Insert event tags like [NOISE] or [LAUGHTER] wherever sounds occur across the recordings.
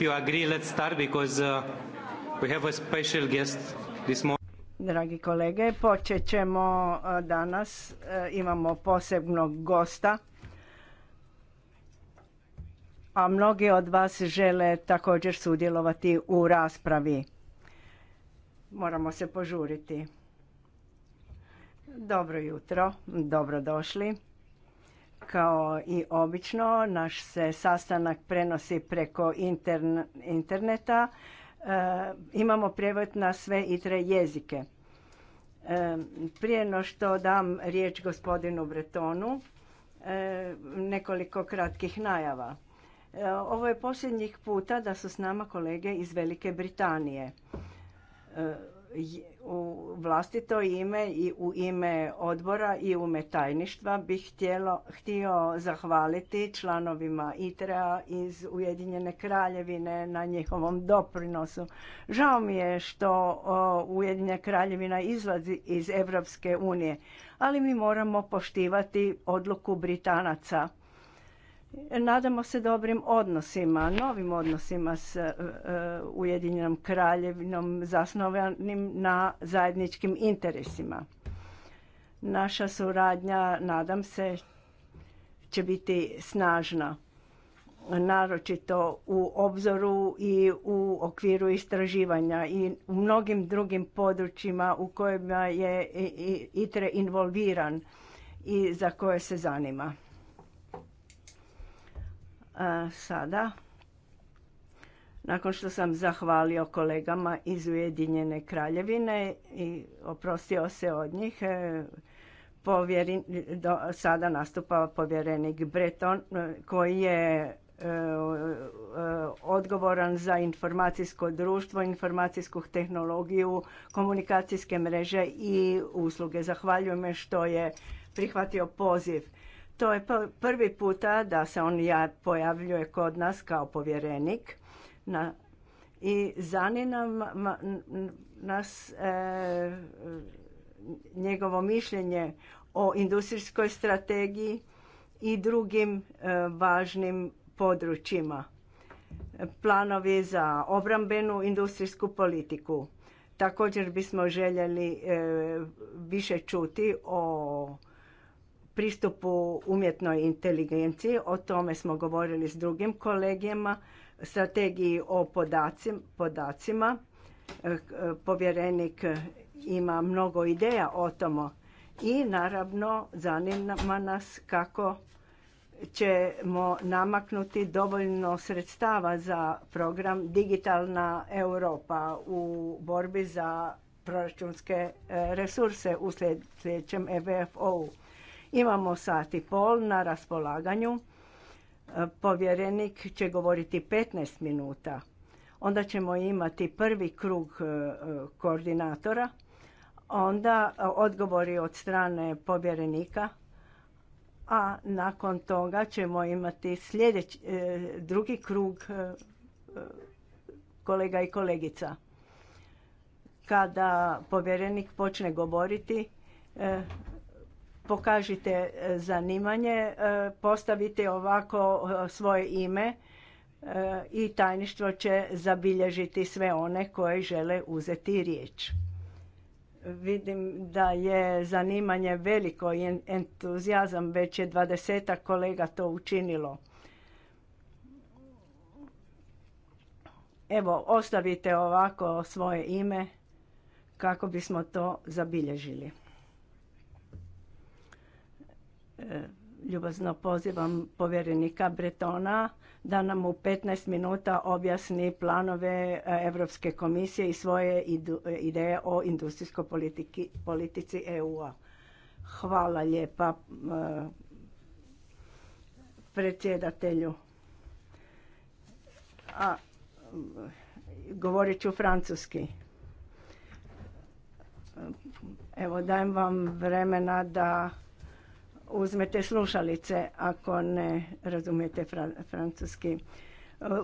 you agree, let's start because uh, we have a special guest this morning. Dragi kolege, počet ćemo uh, danas. Uh, imamo posebnog gosta. A mnogi od vas žele također sudjelovati u raspravi. Moramo se požuriti. Dobro jutro, dobrodošli. Kao i obično, naš se sastanak prenosi preko interneta. E, imamo prijevod na sve i tre jezike. E, prije no što dam riječ gospodinu Bretonu, e, nekoliko kratkih najava. Ovo je posljednjih puta da su s nama kolege iz Velike Britanije u vlastito ime i u ime odbora i u ime tajništva bih htjelo, htio zahvaliti članovima ITRA iz Ujedinjene kraljevine na njihovom doprinosu. Žao mi je što Ujedinjena kraljevina izlazi iz Evropske unije, ali mi moramo poštivati odluku Britanaca Nadamo se dobrim odnosima, novim odnosima s e, e, Ujedinjenom kraljevinom zasnovanim na zajedničkim interesima. Naša suradnja, nadam se, će biti snažna, naročito u obzoru i u okviru istraživanja i u mnogim drugim područjima u kojima je ITRE involviran i za koje se zanima. Sada, nakon što sam zahvalio kolegama iz Ujedinjene kraljevine i oprostio se od njih, e, sada nastupa povjerenik Breton e, koji je e, odgovoran za informacijsko društvo, informacijsku tehnologiju, komunikacijske mreže i usluge. Zahvaljujem što je prihvatio poziv. To je prvi puta da se on ja pojavljuje kod nas kao povjerenik na, i zanima nas e, njegovo mišljenje o industrijskoj strategiji i drugim e, važnim područjima. Planovi za obrambenu industrijsku politiku. Također bismo željeli e, više čuti o pristupu umjetnoj inteligenciji, o tome smo govorili s drugim kolegijama, strategiji o podacima. E, povjerenik ima mnogo ideja o tomo. i naravno zanima nas kako ćemo namaknuti dovoljno sredstava za program Digitalna Europa u borbi za proračunske e, resurse u sljedećem EVFO-u. Imamo sat i pol na raspolaganju. E, povjerenik će govoriti 15 minuta. Onda ćemo imati prvi krug e, koordinatora. Onda e, odgovori od strane povjerenika. A nakon toga ćemo imati sljedeći drugi krug kolega i kolegica. Kada povjerenik počne govoriti, pokažite e, zanimanje, e, postavite ovako e, svoje ime i tajništvo će zabilježiti sve one koji žele uzeti riječ. Vidim da je zanimanje veliko i entuzijazam, već je dvadesetak kolega to učinilo. Evo, ostavite ovako svoje ime kako bismo to zabilježili ljubazno pozivam povjerenika Bretona da nam u 15 minuta objasni planove Europske komisije i svoje e, ideje o industrijskoj politici EU-a. Hvala lijepa e, predsjedatelju. A, govorit ću francuski. Evo dajem vam vremena da uzmete slušalice ako ne razumijete francuski. E,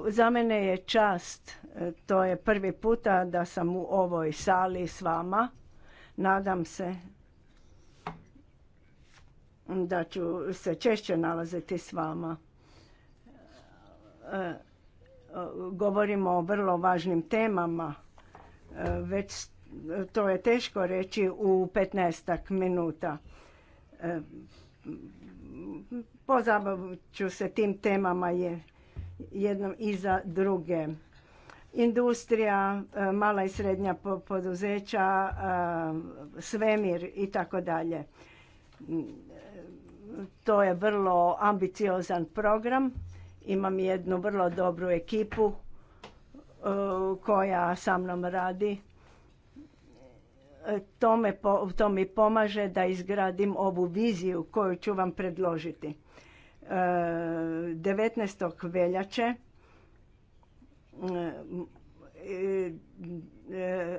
za mene je čast, e, to je prvi puta da sam u ovoj sali s vama. Nadam se da ću se češće nalaziti s vama. E, govorimo o vrlo važnim temama. Već to je teško reći u 15 minuta pozabavit ću se tim temama je jednom iza druge. Industrija, e, mala i srednja poduzeća, e, svemir i tako dalje. To je vrlo ambiciozan program. Imam jednu vrlo dobru ekipu e, koja sa mnom radi to, to mi pomaže da izgradim ovu viziju koju ću vam predložiti. 19. E, veljače e, e,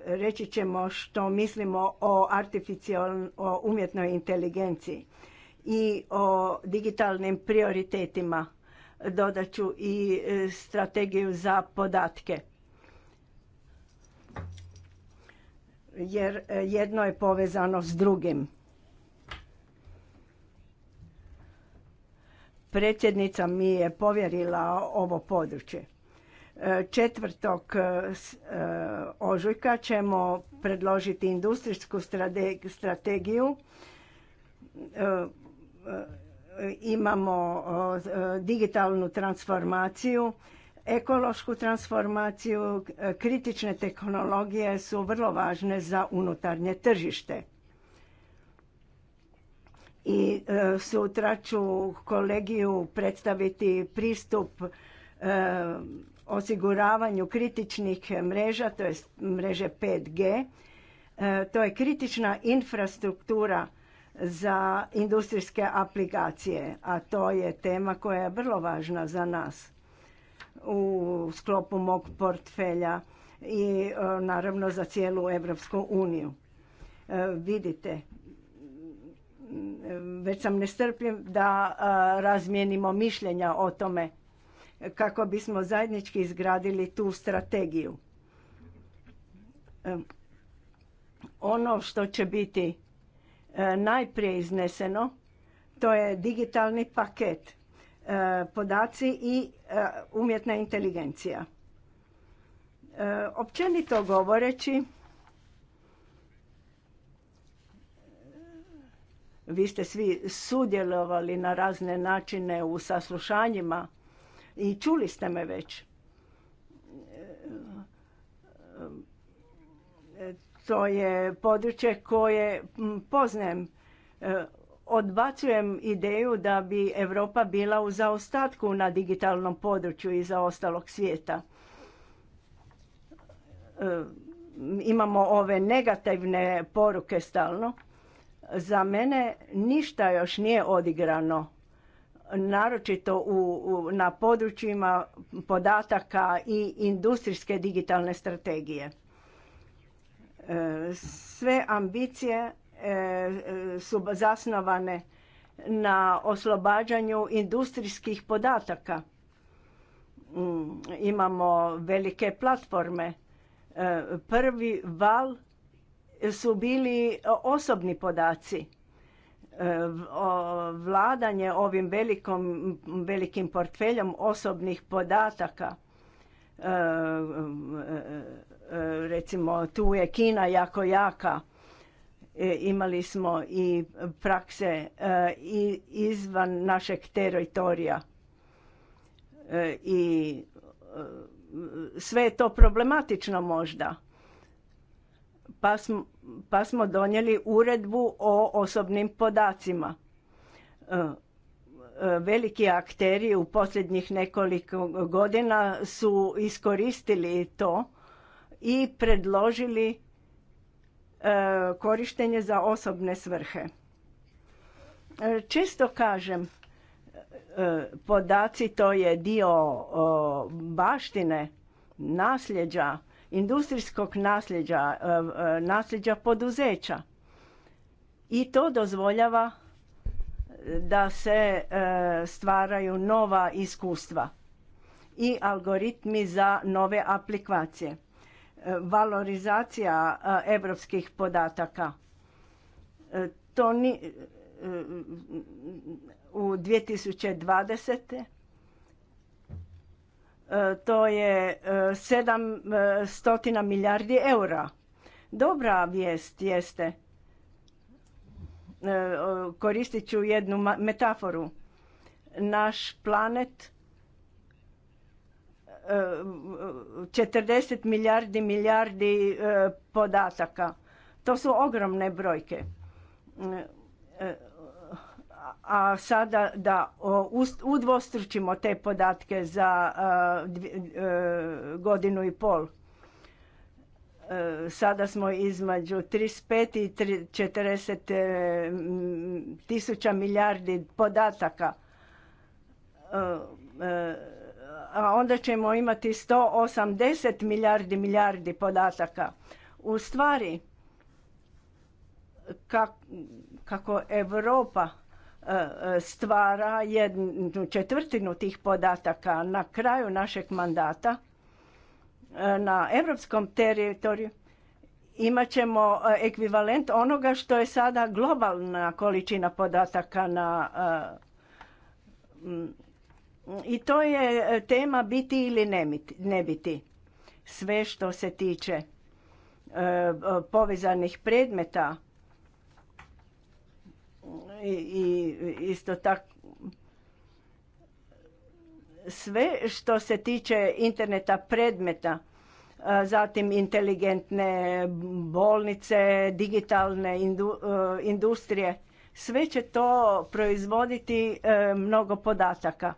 reći ćemo što mislimo o o umjetnoj inteligenciji i o digitalnim prioritetima. Dodat ću i strategiju za podatke. jer e, jedno je povezano s drugim. Predsjednica mi je povjerila ovo područje. E, četvrtog e, ožujka ćemo predložiti industrijsku strategiju. Imamo digitalnu transformaciju Ekološku transformaciju, kritične tehnologije su vrlo važne za unutarnje tržište. I e, sutra ću kolegiju predstaviti pristup e, osiguravanju kritičnih mreža, to je mreže 5G. E, to je kritična infrastruktura za industrijske aplikacije, a to je tema koja je vrlo važna za nas u sklopu mog portfelja i e, naravno za cijelu Evropsku uniju. E, vidite, već sam nestrpljiv da e, razmijenimo mišljenja o tome kako bismo zajednički izgradili tu strategiju. Ono što će biti najprije izneseno, to je digitalni paket E, podaci i e, umjetna inteligencija. E, općenito govoreći, vi ste svi sudjelovali na razne načine u saslušanjima i čuli ste me već. To je područje koje poznajem Odbacujem ideju da bi Europa bila u zaostatku na digitalnom području i ostalog svijeta. E, imamo ove negativne poruke stalno. Za mene ništa još nije odigrano, naročito u, na područjima podataka i industrijske digitalne strategije. E, sve ambicije E, su zasnovane na oslobađanju industrijskih podataka. Mm, imamo velike platforme. E, prvi val su bili osobni podaci. E, vladanje ovim velikom, velikim portfeljom osobnih podataka recimo tu je Kina jako jaka E, imali smo i prakse e, i izvan našeg teritorija e, i sve je to problematično možda. Pa smo, pa smo donijeli uredbu o osobnim podacima. Veliki akteri u posljednjih nekoliko godina su iskoristili to i predložili E, korištenje za osobne svrhe. E, često kažem, e, podaci to je dio baštine, nasljeđa, industrijskog nasljeđa, nasljeđa poduzeća. I to dozvoljava da se stvaraju nova iskustva i algoritmi za nove aplikacije valorizacija europskih podataka. E, to ni, e, u 2020. E, to je 700 milijardi eura. Dobra vijest jeste, koristit ću jednu metaforu, naš planet 40 milijardi milijardi e, podataka. To su ogromne brojke. E, e, a sada da udvostručimo te podatke za godinu i pol. Sada smo između 35 i 40 tisuća milijardi podataka a onda ćemo imati 180 milijardi milijardi podataka. U stvari, kako Europa e, e, stvara jednu četvrtinu tih podataka na kraju našeg mandata, e, na europskom teritoriju, imat ćemo ekvivalent onoga što je sada globalna količina podataka na i to je e, tema biti ili ne biti. Sve što se tiče e, e, povezanih predmeta i isto tako sve što se tiče interneta predmeta, zatim inteligentne bolnice, digitalne industrije, sve će to proizvoditi mnogo podataka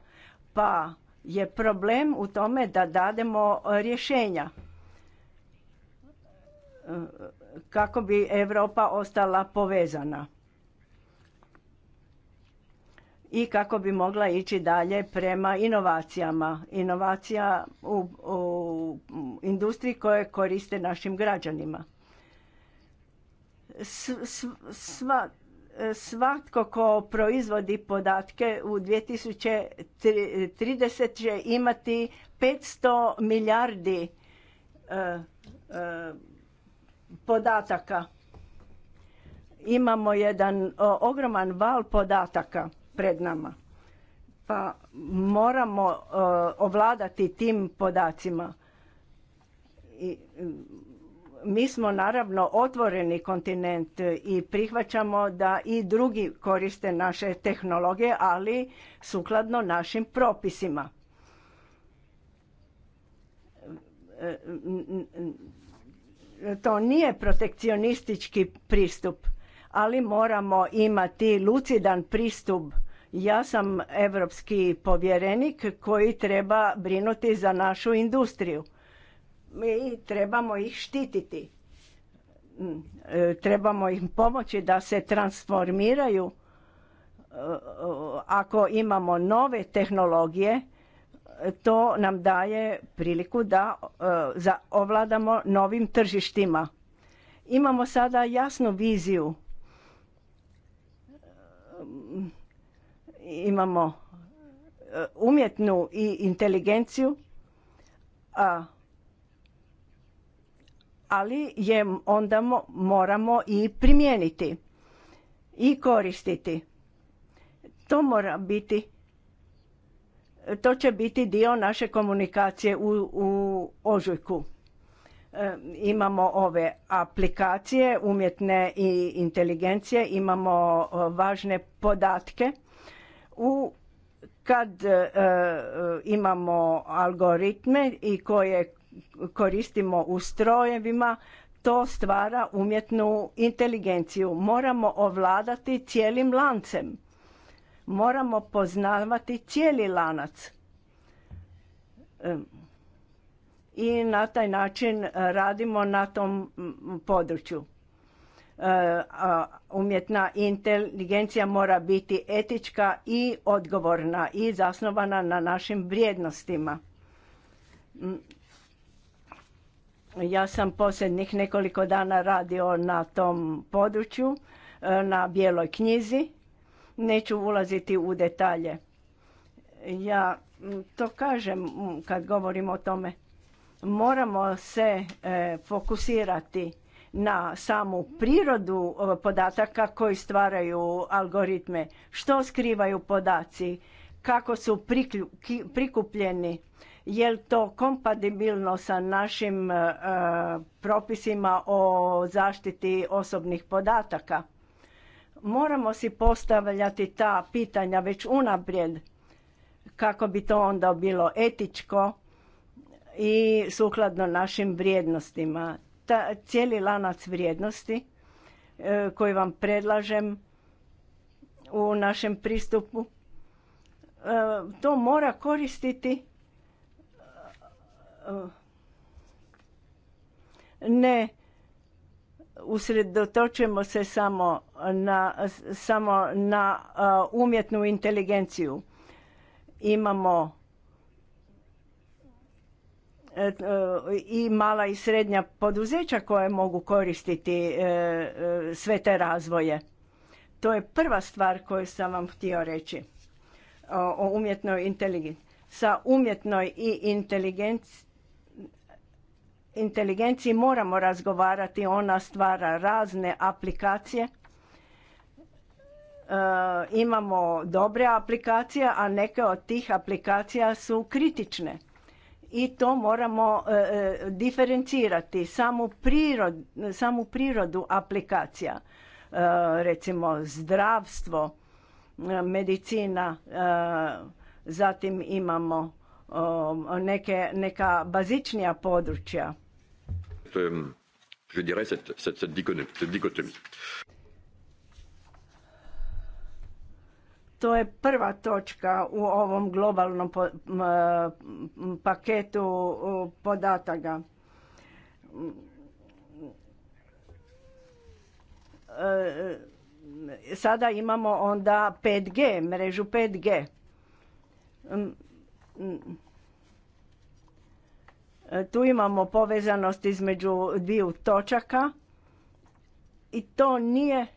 pa je problem u tome da dademo e, rješenja e, kako bi Europa ostala povezana i kako bi mogla ići dalje prema inovacijama. Inovacija u, u industriji koje koriste našim građanima. Sva, svatko ko proizvodi podatke u 2030 će imati 500 milijardi e, e, podataka. Imamo jedan ogroman val podataka pred nama. Pa moramo e, ovladati tim podacima. I mi smo naravno otvoreni kontinent i prihvaćamo da i drugi koriste naše tehnologije, ali sukladno našim propisima. To nije protekcionistički pristup, ali moramo imati lucidan pristup. Ja sam evropski povjerenik koji treba brinuti za našu industriju mi trebamo ih štititi. Mm, e, trebamo im pomoći da se transformiraju e, ako imamo nove tehnologije to nam daje priliku da e, ovladamo novim tržištima. Imamo sada jasnu viziju. Imamo umjetnu i inteligenciju, a ali je onda moramo i primijeniti i koristiti. To mora biti to će biti dio naše komunikacije u, u ožujku. E, imamo ove aplikacije umjetne i inteligencije, imamo e, važne podatke. U kad e, imamo algoritme i koje koristimo u strojevima, to stvara umjetnu inteligenciju. Moramo ovladati cijelim lancem. Moramo poznavati cijeli lanac. I na taj način radimo na tom području. E, umjetna inteligencija mora biti etička i odgovorna i zasnovana na našim vrijednostima ja sam posljednjih nekoliko dana radio na tom području, e, na bijeloj knjizi. Neću ulaziti u detalje. Ja to kažem kad govorim o tome. Moramo se e, fokusirati na samu prirodu e, podataka koji stvaraju algoritme. Što skrivaju podaci? Kako su prikupljeni? Je li to kompatibilno sa našim e, propisima o zaštiti osobnih podataka? Moramo si postavljati ta pitanja već unaprijed kako bi to onda bilo etičko i sukladno našim vrijednostima. Ta, cijeli lanac vrijednosti e, koji vam predlažem u našem pristupu, e, to mora koristiti ne usredotočimo se samo na, samo na umjetnu inteligenciju. Imamo e, e, i mala i srednja poduzeća koje mogu koristiti e, sve te razvoje. To je prva stvar koju sam vam htio reći o umjetnoj inteligenciji. Sa umjetnoj i inteligenciji inteligenciji moramo razgovarati, ona stvara razne aplikacije. E, imamo dobre aplikacije, a neke od tih aplikacija su kritične. I to moramo e, e, diferencirati, samu, prirod, samu prirodu aplikacija. recimo zdravstvo, medicina, zatim imamo Um, neke, neka bazičnija područja. Je mm, cette, cette, cette dichotomie. To je prva točka u ovom globalnom po, m, paketu podataka. E, e, sada imamo onda 5G, mrežu 5G. Mm. Tu imamo povezanost između dviju točaka i to nije e,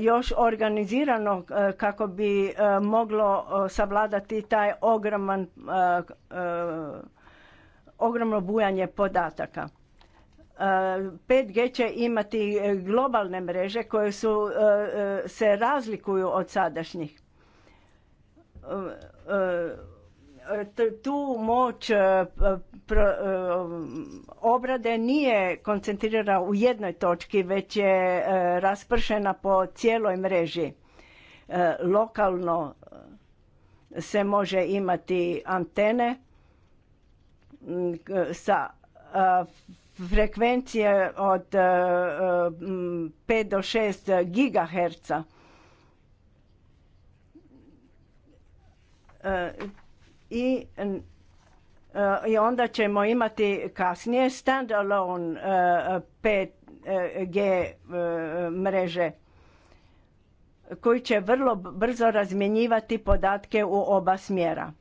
još organizirano e, kako bi e, moglo savladati taj ogroman ogromno bujanje podataka. 5G će imati globalne mreže koje su, se razlikuju od sadašnjih tu moć e, e, obrade nije koncentrirana u jednoj točki, već je e, raspršena po cijeloj mreži. Lokalno se može imati antene sa frekvencije od 5 do 6 gigaherca i e, i onda ćemo imati kasnije standalone 5G e, e, mreže koji će vrlo brzo razmjenjivati podatke u oba smjera.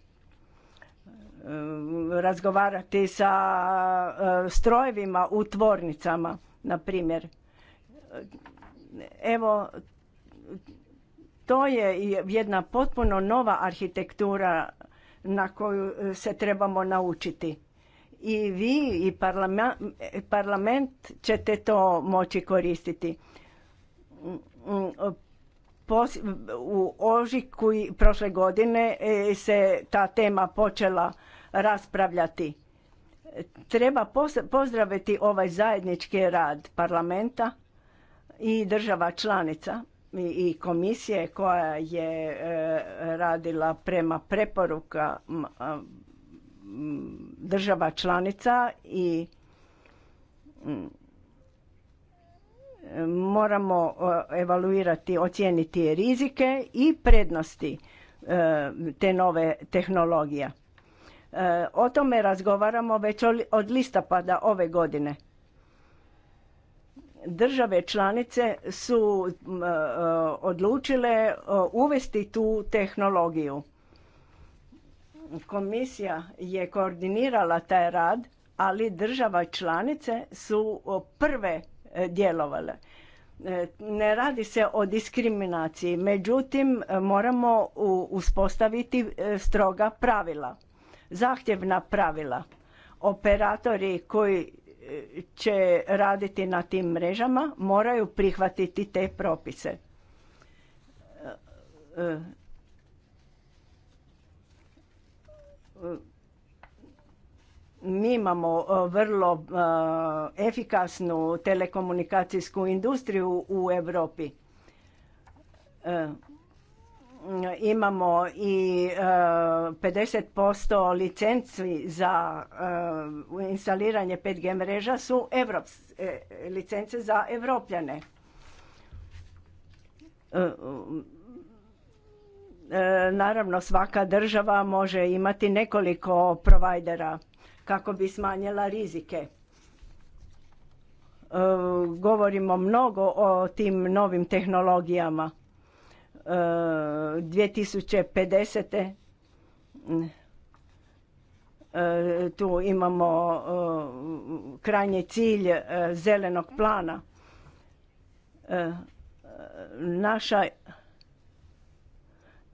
Razgovarati sa strojevima u tvornicama, na primjer. Evo, to je jedna potpuno nova arhitektura na koju e, se trebamo naučiti. I vi i parlament ćete to moći koristiti. U ožiku prošle godine e, se ta tema počela raspravljati. Treba pozdraviti ovaj zajednički rad parlamenta i država članica i komisije koja je e, radila prema preporuka država članica i moramo e, evaluirati, ocijeniti rizike i prednosti e, te nove tehnologije. O tome razgovaramo već od listopada ove godine. Države članice su e, odlučile e, uvesti tu tehnologiju. Komisija je koordinirala taj rad, ali država članice su prve e, djelovale. Ne radi se o diskriminaciji, međutim moramo uspostaviti stroga pravila, zahtjevna pravila. Operatori koji će raditi na tim mrežama moraju prihvatiti te propise. Mi imamo e, vrlo e, efikasnu telekomunikacijsku industriju u Europi. E, imamo i 50% e, licenci za e, instaliranje 5G mreža su Evrops, e, licence za evropljane. Naravno svaka država može imati nekoliko provajdera kako bi smanjila rizike. Govorimo mnogo o tim novim tehnologijama 2050. E, tu imamo e, krajnji cilj e, zelenog plana. Naša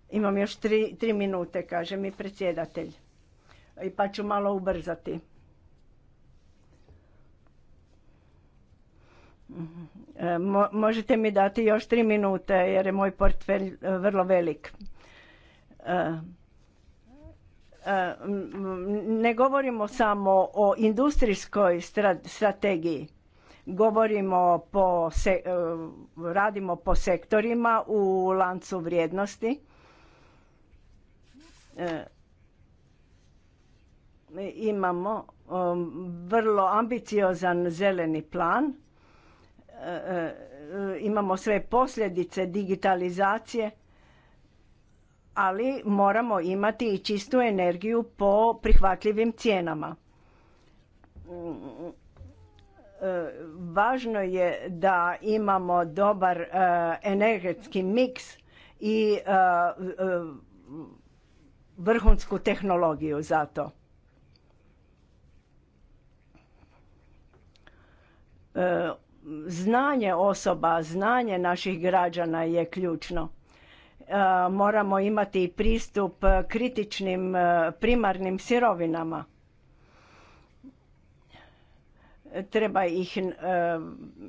imam još tri, tri minute, kaže mi predsjedatelj. I pa ću malo ubrzati. E, možete mi dati još tri minute jer je moj portfelj e, vrlo velik. E, ne govorimo samo o industrijskoj strategiji. Govorimo po, radimo po sektorima u lancu vrijednosti. Imamo vrlo ambiciozan zeleni plan E, e, imamo sve posljedice digitalizacije, ali moramo imati i čistu energiju po prihvatljivim cijenama. E, važno je da imamo dobar energetski miks i vrhunsku tehnologiju za to znanje osoba, znanje naših građana je ključno. E, moramo imati pristup kritičnim e, primarnim sirovinama. Treba ih e,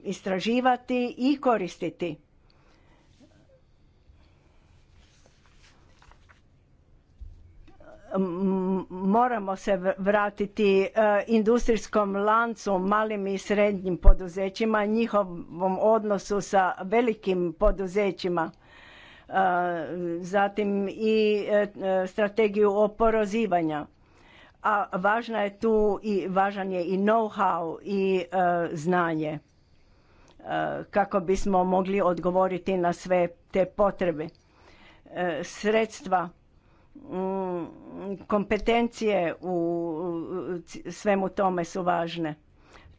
istraživati i koristiti moramo se vratiti e, industrijskom lancu, malim i srednjim poduzećima, njihovom odnosu sa velikim poduzećima, e, zatim i e, strategiju oporozivanja. A važna je tu i važan je i know-how i znanje kako bismo mogli odgovoriti na sve te potrebe. Sredstva Mm, kompetencije u svemu tome su važne.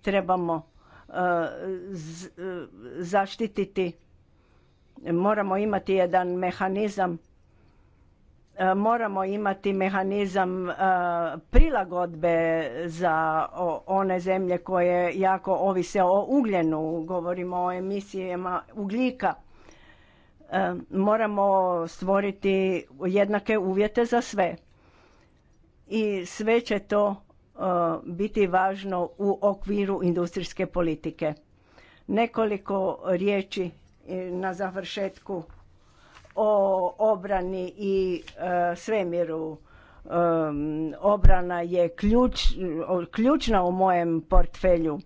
Trebamo e, e, zaštititi, moramo imati jedan mehanizam e, moramo imati mehanizam prilagodbe za one zemlje koje jako ovise o ugljenu, govorimo o emisijama ugljika. E, moramo stvoriti jednake uvjete za sve. I sve će to e, biti važno u okviru industrijske politike. Nekoliko riječi e, na završetku o obrani i svemiru. Obrana je ključ, ključna u mojem portfelju.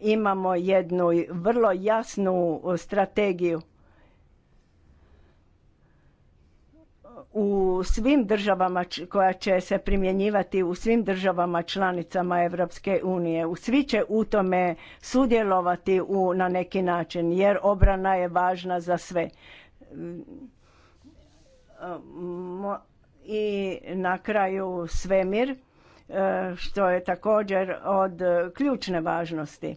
Imamo jednu vrlo jasnu strategiju u svim državama koja će se primjenjivati u svim državama članicama Europske unije. Svi će u tome sudjelovati u, na neki način jer obrana je važna za sve. I na kraju svemir e, što je također od ključne važnosti. E,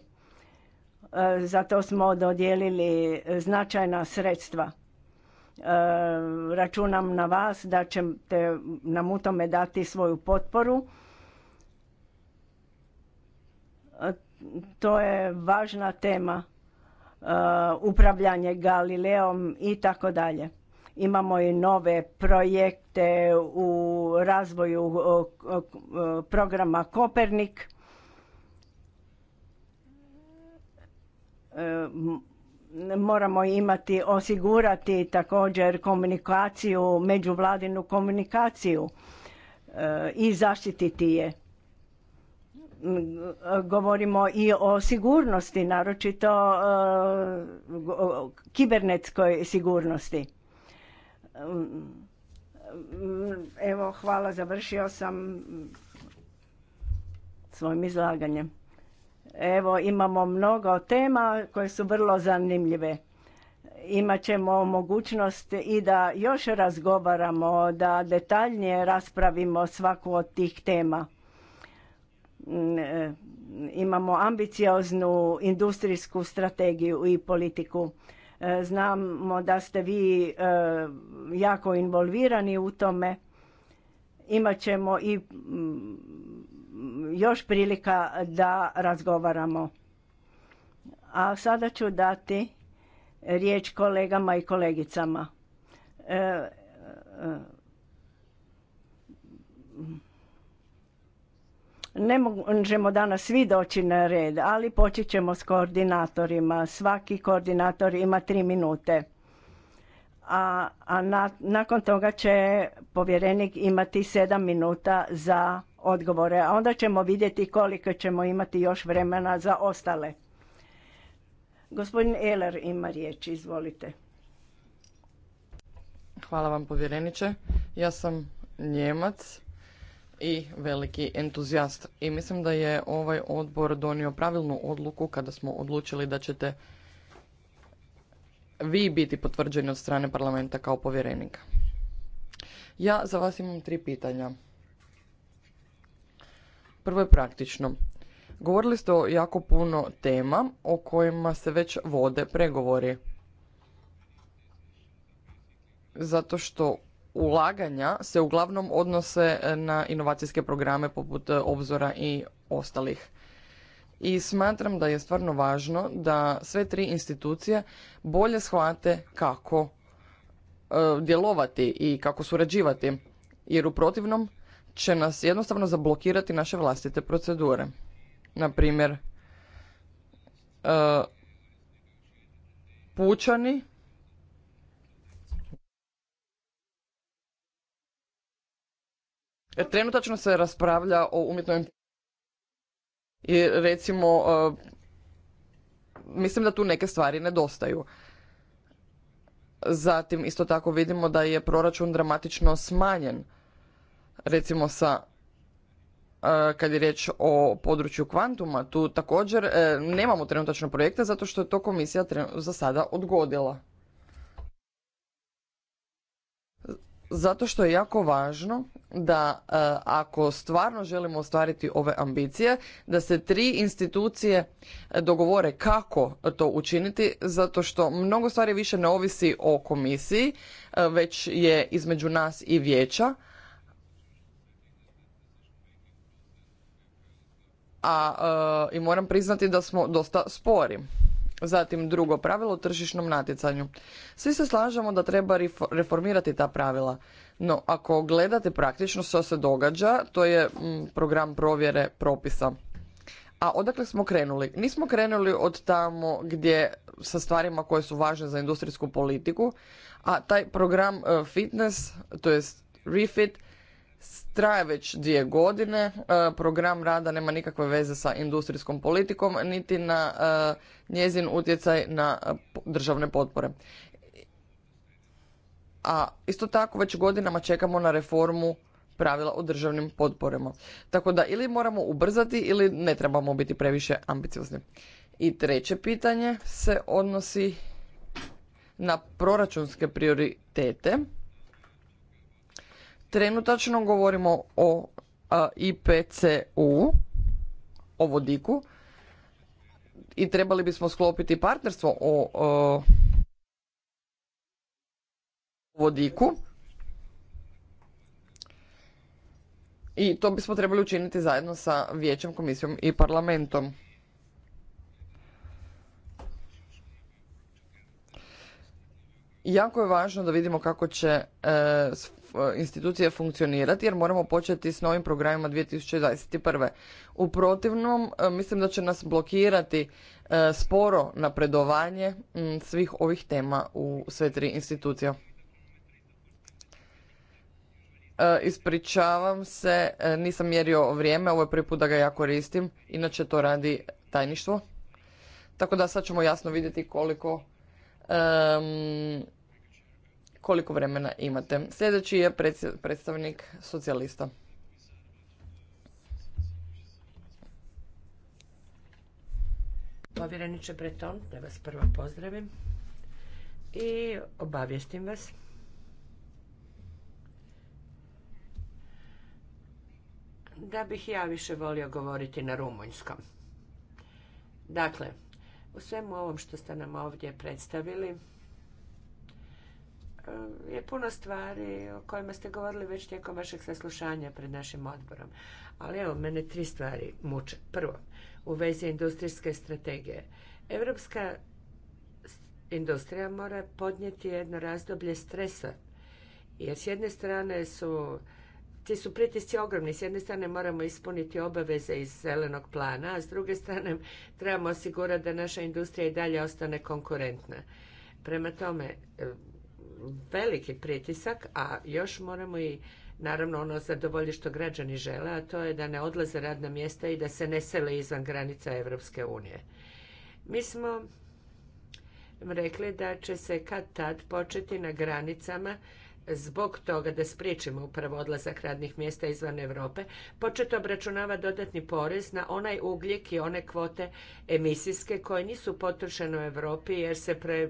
zato smo dodijelili značajna sredstva Eh, računam na vas da ćete nam u tome dati svoju potporu. Eh, to je važna tema eh, upravljanje Galileom i tako dalje. Imamo i nove projekte u razvoju programa Kopernik moramo imati osigurati također komunikaciju, međuvladinu komunikaciju e, i zaštititi je. Govorimo i o sigurnosti, naročito e, kibernetskoj sigurnosti. Evo, hvala, završio sam svojim izlaganjem. Evo imamo mnogo tema koje su vrlo zanimljive. Imat ćemo mogućnost i da još razgovaramo, da detaljnije raspravimo svaku od tih tema. Mm, e, imamo ambicioznu industrijsku strategiju i politiku. E, znamo da ste vi e, jako involvirani u tome. Imat ćemo i mm, još prilika da razgovaramo. A sada ću dati riječ kolegama i kolegicama. E, e, ne možemo danas svi doći na red, ali počet ćemo s koordinatorima. Svaki koordinator ima tri minute a, a nakon toga će povjerenik imati sedam minuta za odgovore, a onda ćemo vidjeti koliko ćemo imati još vremena za ostale. Gospodin Eler ima riječ, izvolite. Hvala vam povjereniče. Ja sam Njemac i veliki entuzijast i mislim da je ovaj odbor donio pravilnu odluku kada smo odlučili da ćete vi biti potvrđeni od strane parlamenta kao povjerenika. Ja za vas imam tri pitanja. Prvo je praktično. Govorili ste o jako puno tema o kojima se već vode pregovori. Zato što ulaganja se uglavnom odnose na inovacijske programe poput obzora i ostalih i smatram da je stvarno važno da sve tri institucije bolje shvate kako e, djelovati i kako surađivati jer u protivnom će nas jednostavno zablokirati naše vlastite procedure. Na primjer, e, pučani Trenutačno se raspravlja o umjetnoj i recimo, e, mislim da tu neke stvari nedostaju. Zatim isto tako vidimo da je proračun dramatično smanjen. Recimo sa e, kad je riječ o području kvantuma, tu također e, nemamo trenutačno projekte zato što je to komisija za sada odgodila. zato što je jako važno da e, ako stvarno želimo ostvariti ove ambicije, da se tri institucije e, dogovore kako to učiniti, zato što mnogo stvari više ne ovisi o komisiji, e, već je između nas i vijeća. A i moram priznati da smo dosta spori. Zatim drugo pravilo o tržišnom natjecanju. Svi se slažemo da treba reformirati ta pravila, no ako gledate praktično što se događa, to je mm, program provjere propisa. A odakle smo krenuli? Nismo krenuli od tamo gdje sa stvarima koje su važne za industrijsku politiku, a taj program e, fitness, to jest refit, traje već dvije godine. E, program rada nema nikakve veze sa industrijskom politikom niti na e, njezin utjecaj na e, državne potpore. A isto tako već godinama čekamo na reformu pravila o državnim potporama. Tako da ili moramo ubrzati ili ne trebamo biti previše ambiciozni. I treće pitanje se odnosi na proračunske prioritete Trenutačno govorimo o IPCU, o vodiku, i trebali bismo sklopiti partnerstvo o, o vodiku. I to bismo trebali učiniti zajedno sa Vijećem, Komisijom i Parlamentom. jako je važno da vidimo kako će e, institucije funkcionirati jer moramo početi s novim programima 2021. U protivnom e, mislim da će nas blokirati e, sporo napredovanje svih ovih tema u sve tri institucija. Ispričavam se, nisam mjerio vrijeme, ovo je prvi put da ga ja koristim, inače to radi tajništvo. Tako da sad ćemo jasno vidjeti koliko koliko vremena imate. Sljedeći je predstavnik socijalista. Povjereniče Breton, da vas prvo pozdravim i obavijestim vas. Da bih ja više volio govoriti na rumunjskom. Dakle, u svemu ovom što ste nam ovdje predstavili, Eh, je puno stvari o kojima ste govorili već tijekom vašeg saslušanja pred našim odborom. Ali evo, mene tri stvari muče. Prvo, u vezi industrijske strategije. Europska industrija mora podnijeti jedno razdoblje stresa. Jer s jedne strane su ti su pritisci ogromni. S jedne strane moramo ispuniti obaveze iz zelenog plana, a s druge strane trebamo osigurati da naša industrija i dalje ostane konkurentna. Prema tome, veliki pritisak, a još moramo i naravno ono zadovolji što građani žele, a to je da ne odlaze radna mjesta i da se ne sele izvan granica Europske unije. Mi smo rekli da će se kad tad početi na granicama zbog toga da spriječimo upravo odlazak radnih mjesta izvan Europe, početi obračunava dodatni porez na onaj ugljik i one kvote emisijske koje nisu potrošene u Europi jer,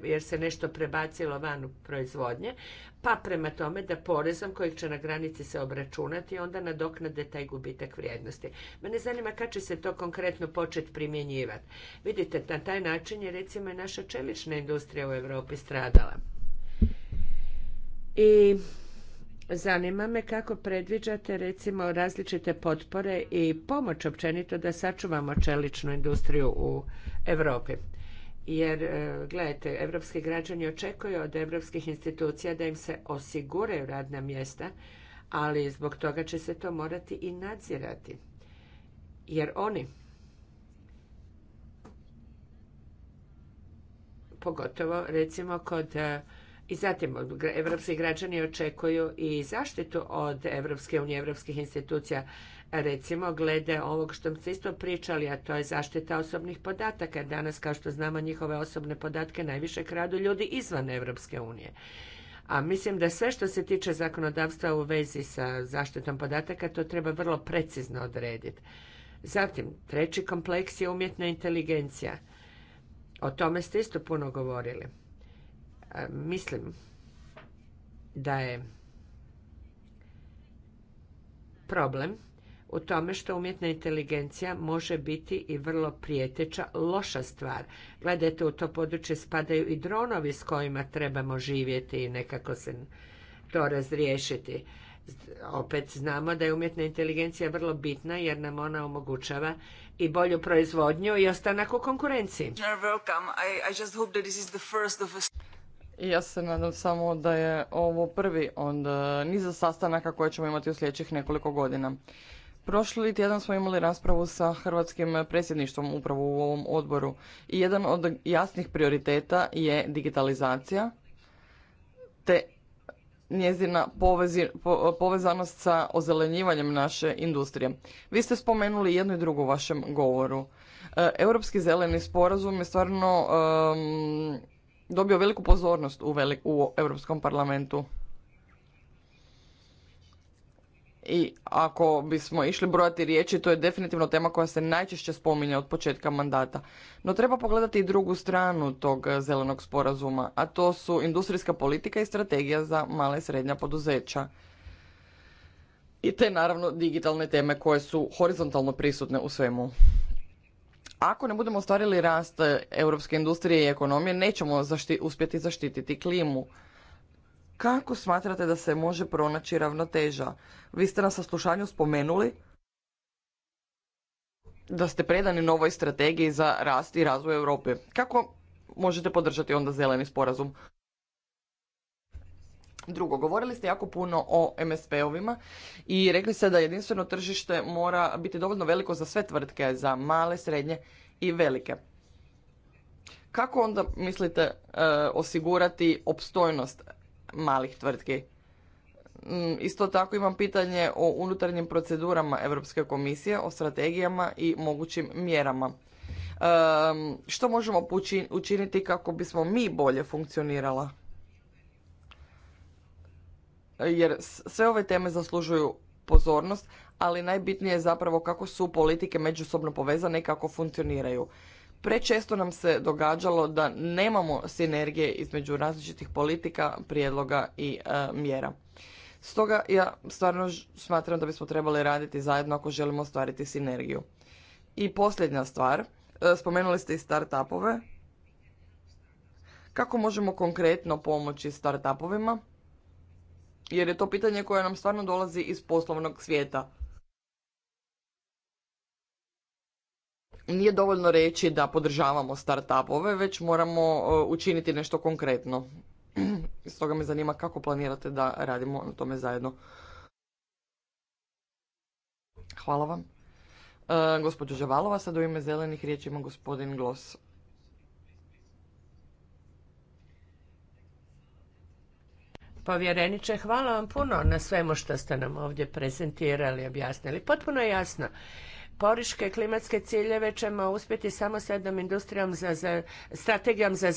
jer se nešto prebacilo van u proizvodnje, pa prema tome da porezom kojeg će na granici se obračunati onda nadoknade taj gubitak vrijednosti. Mene zanima kad će se to konkretno početi primjenjivati. Vidite, na taj način je recimo i naša čelična industrija u Europi stradala. I zanima me kako predviđate recimo različite potpore i pomoć općenito da sačuvamo čeličnu industriju u Europi. Jer, e, gledajte, evropski građani očekuju od evropskih institucija da im se osiguraju radna mjesta, ali zbog toga će se to morati i nadzirati. Jer oni, pogotovo recimo kod e, i zatim evropski građani očekuju i zaštitu od Evropske unije, evropskih institucija, recimo glede ovog što ste isto pričali, a to je zaštita osobnih podataka. Danas, kao što znamo, njihove osobne podatke najviše kradu ljudi izvan Evropske unije. A mislim da sve što se tiče zakonodavstva u vezi sa zaštitom podataka, to treba vrlo precizno odrediti. Zatim, treći kompleks je umjetna inteligencija. O tome ste isto puno govorili. E, mislim da je problem u tome što umjetna inteligencija može biti i vrlo prijeteća loša stvar. Gledajte, u to područje spadaju i dronovi s kojima trebamo živjeti i nekako se to razriješiti. Opet znamo da je umjetna inteligencija vrlo bitna jer nam ona omogućava i bolju proizvodnju i ostanak u konkurenciji. Ja se nadam samo da je ovo prvi od e, niza sastanaka koje ćemo imati u sljedećih nekoliko godina. Prošli tjedan smo imali raspravu sa hrvatskim predsjedništvom upravo u ovom odboru i jedan od jasnih prioriteta je digitalizacija te njezina povezanost sa ozelenjivanjem naše industrije. Vi ste spomenuli jednu i drugu u vašem govoru. E, Europski zeleni sporazum je stvarno dobio veliku pozornost u, u Europskom parlamentu. I ako bismo išli brojati riječi, to je definitivno tema koja se najčešće spominje od početka mandata. No treba pogledati i drugu stranu tog zelenog sporazuma, a to su industrijska politika i strategija za male i srednja poduzeća. I te naravno digitalne teme koje su horizontalno prisutne u svemu. Ako ne budemo ostvarili rast eh, europske industrije i ekonomije, nećemo zašti, uspjeti zaštititi klimu. Kako smatrate da se može pronaći ravnoteža? Vi ste na saslušanju spomenuli da ste predani novoj strategiji za rast i razvoj Europe. Kako možete podržati onda zeleni sporazum? Drugo, govorili ste jako puno o MSP-ovima i rekli ste da jedinstveno tržište mora biti dovoljno veliko za sve tvrtke, za male, srednje i velike. Kako onda mislite e, osigurati opstojnost malih tvrtki? Mm, isto tako imam pitanje o unutarnjim procedurama Europske komisije, o strategijama i mogućim mjerama. E, što možemo učiniti kako bismo mi bolje funkcionirala? jer sve ove teme zaslužuju pozornost, ali najbitnije je zapravo kako su politike međusobno povezane i kako funkcioniraju. Prečesto nam se događalo da nemamo sinergije između različitih politika, prijedloga i e, mjera. Stoga ja stvarno smatram da bismo trebali raditi zajedno ako želimo ostvariti sinergiju. I posljednja stvar, e, spomenuli ste i startupove. Kako možemo konkretno pomoći startupovima? jer je to pitanje koje nam stvarno dolazi iz poslovnog svijeta. Nije dovoljno reći da podržavamo startupove, već moramo e, učiniti nešto konkretno. [CLEARS THROAT] Stoga me zanima kako planirate da radimo na tome zajedno. Hvala vam. E, gospođo sad u ime zelenih riječ ima gospodin Glos. Povjereniče, hvala vam puno na svemu što ste nam ovdje prezentirali, objasnili. Potpuno je jasno. Poriške klimatske ciljeve ćemo uspjeti samo s jednom industrijom za, za strategijom za,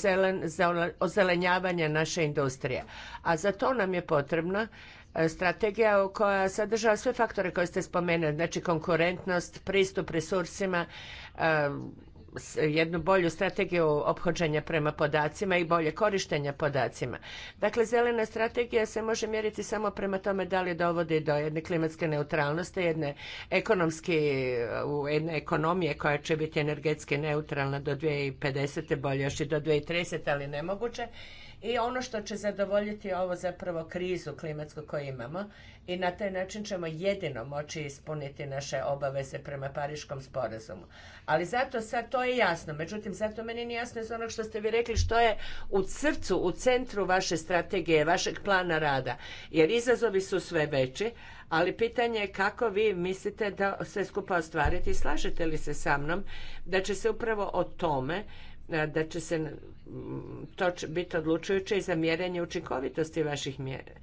za ozelenjavanje naše industrije. A za to nam je potrebna e, strategija koja sadržava sve faktore koje ste spomenuli, znači konkurentnost, pristup resursima, e, jednu bolju strategiju ophođenja prema podacima i bolje korištenja podacima. Dakle, zelena strategija se može mjeriti samo prema tome da li dovodi do jedne klimatske neutralnosti, jedne ekonomski, jedne ekonomije koja će biti energetski neutralna do 2050. bolje još i do 2030. ali nemoguće i ono što će zadovoljiti ovo zapravo krizu klimatsku koju imamo i na taj način ćemo jedino moći ispuniti naše obaveze prema Pariškom sporazumu. Ali zato sad to je jasno, međutim zato meni nije jasno iz onog što ste vi rekli što je u srcu, u centru vaše strategije, vašeg plana rada, jer izazovi su sve veći, ali pitanje je kako vi mislite da sve skupa ostvariti i slažete li se sa mnom da će se upravo o tome E, da će se to biti odlučujuće i za mjerenje učinkovitosti vaših mjera,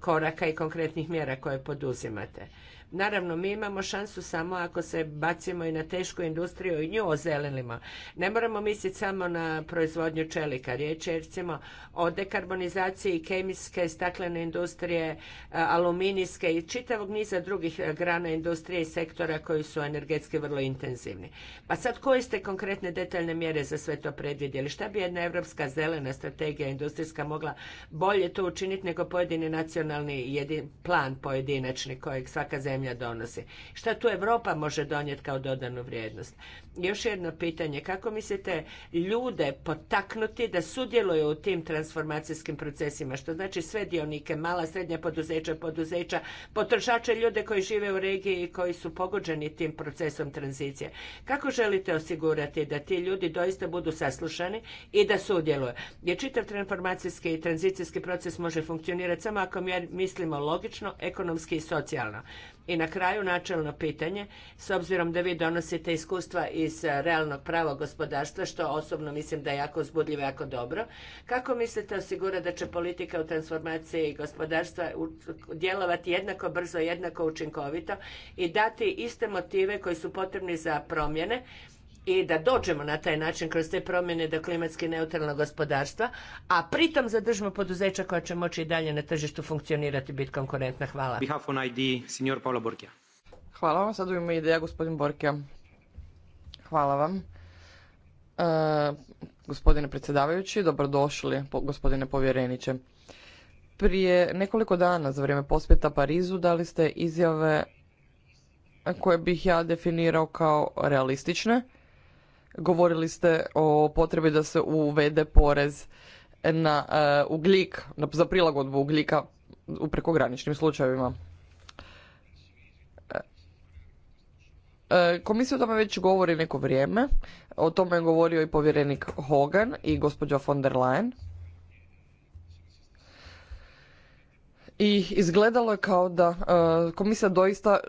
koraka i konkretnih mjera koje poduzimate. Naravno, mi imamo šansu samo ako se bacimo i na tešku industriju i nju ozelenimo. Ne moramo misliti samo na proizvodnju čelika. Riječ je recimo o dekarbonizaciji kemijske, staklene industrije, e, aluminijske i čitavog niza drugih e, grana industrije i sektora koji su energetski vrlo intenzivni. Pa sad koje ste konkretne detaljne mjere za sve to predvidjeli? Šta bi jedna evropska zelena strategija industrijska mogla bolje to učiniti nego pojedini nacionalni plan pojedinačni kojeg svaka zemlja zemlja Šta tu Europa može donijeti kao dodanu vrijednost? Još jedno pitanje, kako mislite ljude potaknuti da sudjeluju u tim transformacijskim procesima, što znači sve dionike, mala, srednja poduzeća, poduzeća, potrošače, ljude koji žive u regiji i koji su pogođeni tim procesom tranzicije. Kako želite osigurati da ti ljudi doista budu saslušani i da sudjeluju? Jer čitav transformacijski i tranzicijski proces može funkcionirati samo ako mislimo logično, ekonomski i socijalno. I na kraju načelno pitanje, s obzirom da vi donosite iskustva iz eh, realnog pravog gospodarstva, što osobno mislim da je jako uzbudljivo, jako dobro, kako mislite osigurati da će politika u transformaciji gospodarstva djelovati jednako brzo, jednako učinkovito i dati iste motive koji su potrebni za promjene, i da dođemo na taj način kroz te promjene do klimatski neutralnog gospodarstva, a pritom zadržimo poduzeća koja će moći i dalje na tržištu funkcionirati i biti konkurentna. Hvala. Hvala vam, sad imamo ideja gospodin Borkija. Hvala vam. E, gospodine predsjedavajući, dobrodošli gospodine povjereniče. Prije nekoliko dana za vrijeme posjeta Parizu dali ste izjave koje bih ja definirao kao realistične Govorili ste o potrebi da se uvede porez na uh, ugljik, za prilagodbu ugljika u prekograničnim slučajevima. Uh, uh, komisija o tome već govori neko vrijeme. O tome je govorio i povjerenik Hogan i gospođa von der Leyen. I izgledalo je kao da komisija doista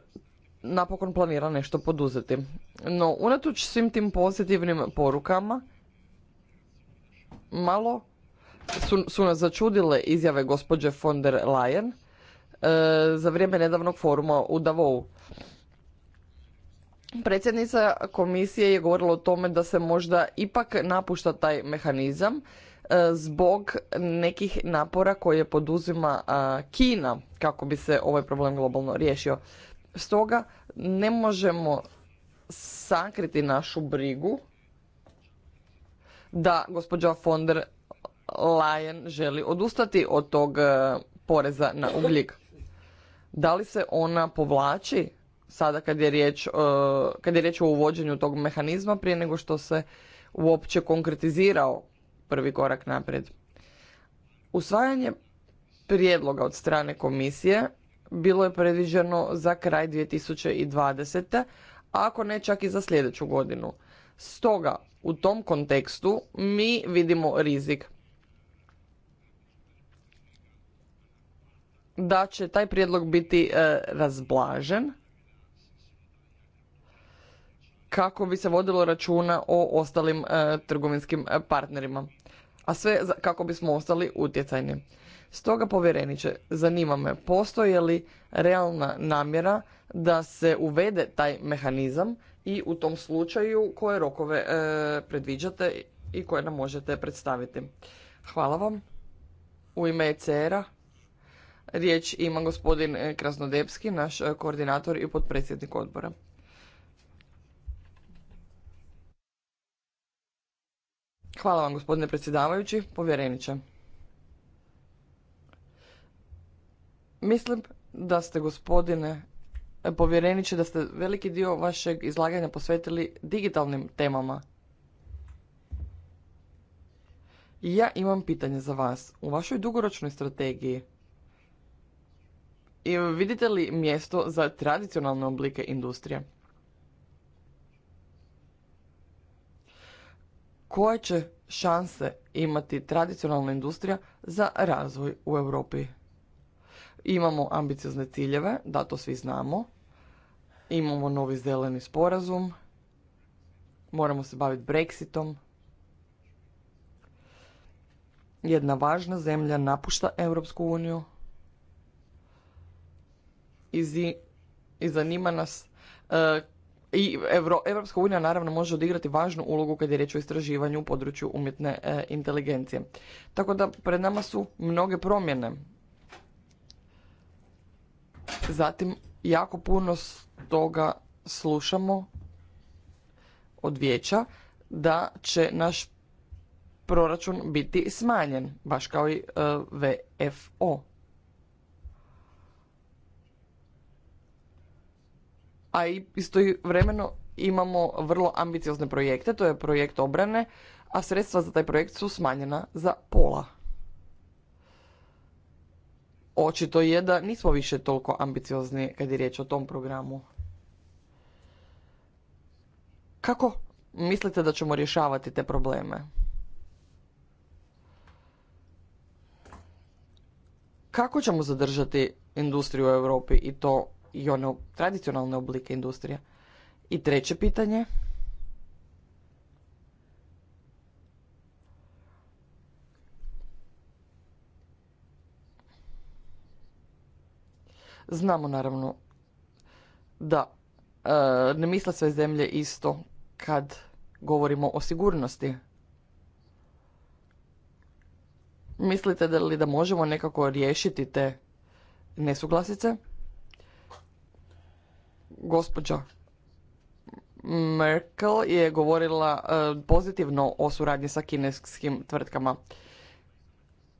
napokon planira nešto poduzeti. No, unatoč svim tim pozitivnim porukama, malo su, su nas začudile izjave gospođe von der Leyen e, za vrijeme nedavnog foruma u Davou. Predsjednica komisije je govorila o tome da se možda ipak napušta taj mehanizam e, zbog nekih napora koje poduzima Kina kako bi se ovaj problem globalno riješio. Stoga ne možemo sakriti našu brigu da gospođa von der Leyen želi odustati od tog e, poreza na ugljik. Da li se ona povlači sada kad je riječ, e, kad je riječ o uvođenju tog mehanizma prije nego što se uopće konkretizirao prvi korak naprijed? Usvajanje prijedloga od strane komisije bilo je predviđeno za kraj 2020. ako ne čak i za sljedeću godinu. Stoga, u tom kontekstu mi vidimo rizik da će taj prijedlog biti e, razblažen kako bi se vodilo računa o ostalim e, trgovinskim e, partnerima, a sve kako bismo ostali utjecajni. Stoga povjereniče, zanima me, postoji li realna namjera da se uvede taj mehanizam i u tom slučaju koje rokove e, predviđate i koje nam možete predstaviti. Hvala vam. U ime ECR-a riječ ima gospodin e, Krasnodepski, naš e, koordinator i potpredsjednik odbora. Hvala vam gospodine predsjedavajući, povjereniče. Mislim da ste gospodine povjereniče da ste veliki dio vašeg izlaganja posvetili digitalnim temama. ja imam pitanje za vas. U vašoj dugoročnoj strategiji vidite li mjesto za tradicionalne oblike industrije? Koje će šanse imati tradicionalna industrija za razvoj u Europi? Imamo ambiciozne ciljeve, da to svi znamo. Imamo novi zeleni sporazum. Moramo se baviti Brexitom. Jedna važna zemlja napušta Europsku uniju. I, zanima nas e, i Euro, Evropska unija naravno može odigrati važnu ulogu kad je riječ o istraživanju u području umjetne e, inteligencije. Tako da pred nama su mnoge promjene Zatim, jako puno toga slušamo od vijeća da će naš proračun biti smanjen, baš kao i e, VFO. A i istovremeno imamo vrlo ambiciozne projekte, to je projekt obrane, a sredstva za taj projekt su smanjena za pola očito je da nismo više toliko ambiciozni kad je riječ o tom programu. Kako mislite da ćemo rješavati te probleme? Kako ćemo zadržati industriju u Europi i to i one tradicionalne oblike industrije? I treće pitanje, Znamo naravno da e, ne misle sve zemlje isto kad govorimo o sigurnosti. Mislite da li da možemo nekako riješiti te nesuglasice? Gospođa Merkel je govorila e, pozitivno o suradnji sa kineskim tvrtkama.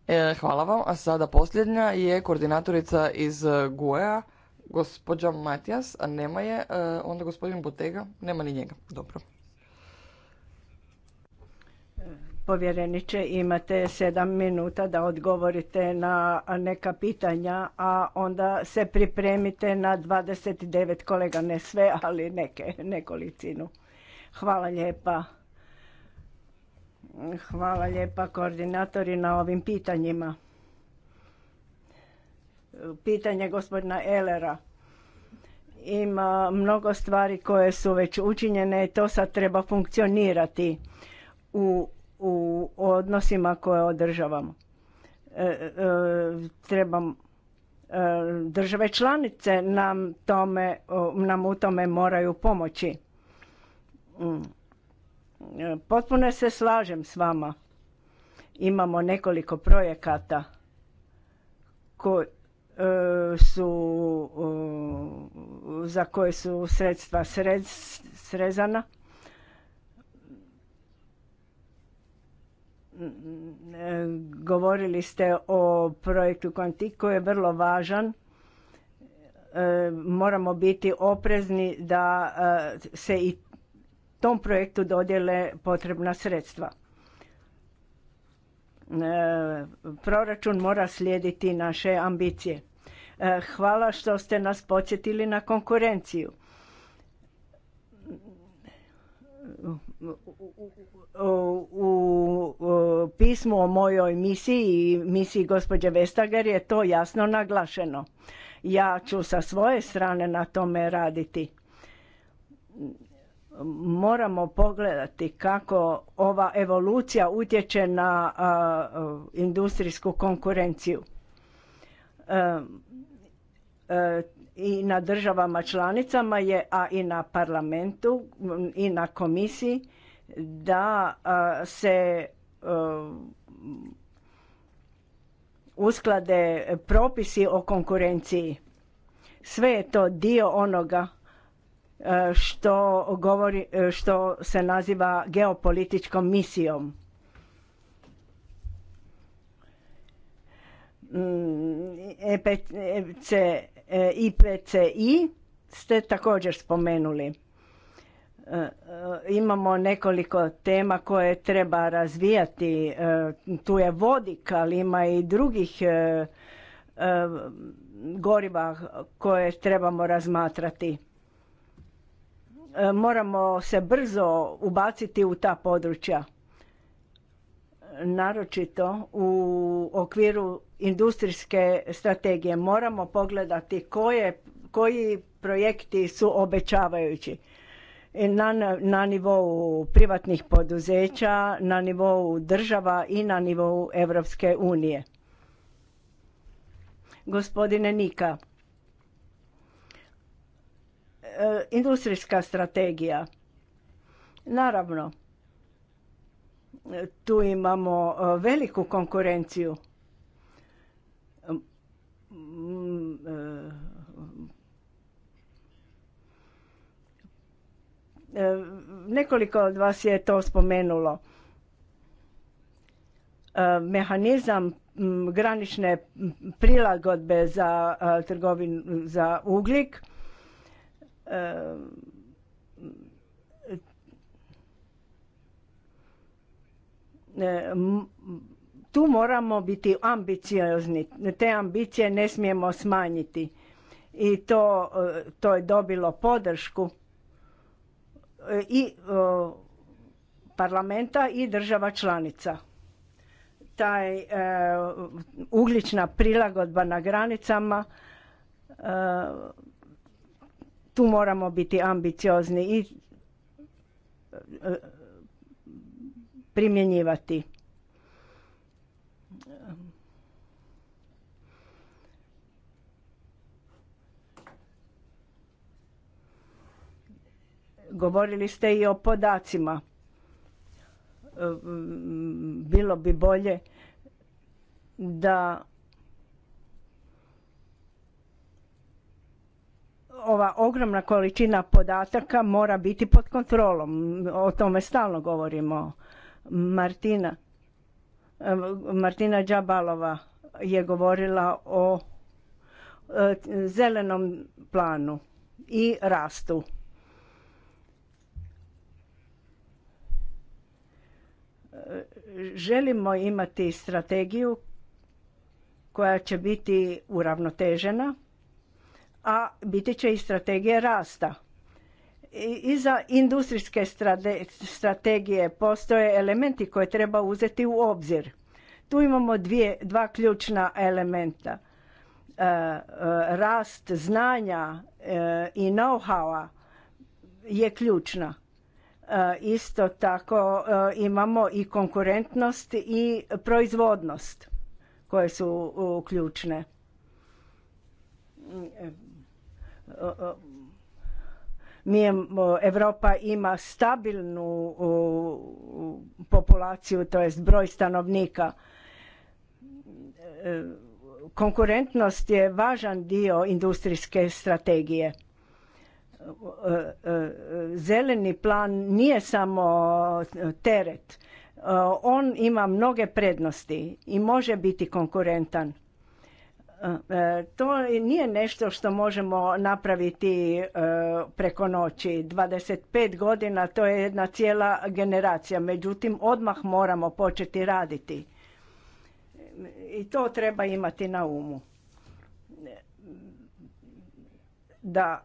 E, hvala vam. A sada posljednja je koordinatorica iz gue gospođa Matijas, a nema je. E, onda gospodin Botega, nema ni njega. Dobro. Povjereniče, imate sedam minuta da odgovorite na neka pitanja, a onda se pripremite na 29 kolega, ne sve, ali neke, nekolicinu. Hvala lijepa. Hvala lijepa koordinatori na ovim pitanjima. Pitanje gospodina Elera. Ima mnogo stvari koje su već učinjene i to sad treba funkcionirati u, u odnosima koje održavamo. E, e, trebam, e, države članice nam, tome, nam u tome moraju pomoći. Mm. E, potpuno se slažem s vama. Imamo nekoliko projekata koji e, su, za koje su sredstva srez, srezana. E, govorili ste o projektu Kanti koji je vrlo važan. Moramo biti oprezni da se i tom projektu dodjele potrebna sredstva. E, proračun mora slijediti naše ambicije. E, hvala što ste nas podsjetili na konkurenciju. U, pismu o mojoj misiji i misiji gospođe Vestager je to jasno naglašeno. Ja ću sa svoje strane na tome raditi moramo pogledati kako ova evolucija utječe na industrijsku konkurenciju e, e, i na državama članicama je, a i na parlamentu i na komisiji da se e, usklade propisi o konkurenciji. Sve je to dio onoga E, što, govori, e, što se naziva geopolitičkom misijom. IPCI mm, e ste također spomenuli. Imamo nekoliko tema koje treba razvijati. Tu je vodik, ali ima i drugih goriva koje trebamo razmatrati. E, moramo se brzo ubaciti u ta područja naročito u okviru industrijske strategije moramo pogledati koje, koji projekti su obećavajući e, na, na nivou privatnih poduzeća na nivou država i na nivou europske unije gospodine nika E, industrijska strategija. Naravno, tu imamo e, veliku konkurenciju. E, nekoliko od vas je to spomenulo. Mehanizam granične prilagodbe za trgovinu za ugljik tu moramo biti ambiciozni. Te ambicije ne smijemo smanjiti. I to, to je dobilo podršku e, i parlamenta i država članica. Taj e, uglična prilagodba na granicama e, tu moramo biti ambiciozni i e, primjenjivati. Govorili ste i o podacima. E, bilo bi bolje da ova ogromna količina podataka mora biti pod kontrolom. O tome stalno govorimo. Martina, Martina Đabalova je govorila o e, zelenom planu i rastu. Želimo imati strategiju koja će biti uravnotežena a biti će i strategije rasta. I za industrijske strategije postoje elementi koje treba uzeti u obzir. Tu imamo dvije, dva ključna elementa. E, e rast znanja e, i know-howa je ključna. E, isto tako imamo i konkurentnost i proizvodnost koje su ključne mi Evropa ima stabilnu populaciju, to jest broj stanovnika. E, konkurentnost je važan dio industrijske strategije. E, e, zeleni plan nije samo teret. On ima mnoge prednosti i može biti konkurentan E, to nije nešto što možemo napraviti e, preko noći. 25 godina to je jedna cijela generacija. Međutim, odmah moramo početi raditi. I to treba imati na umu. Da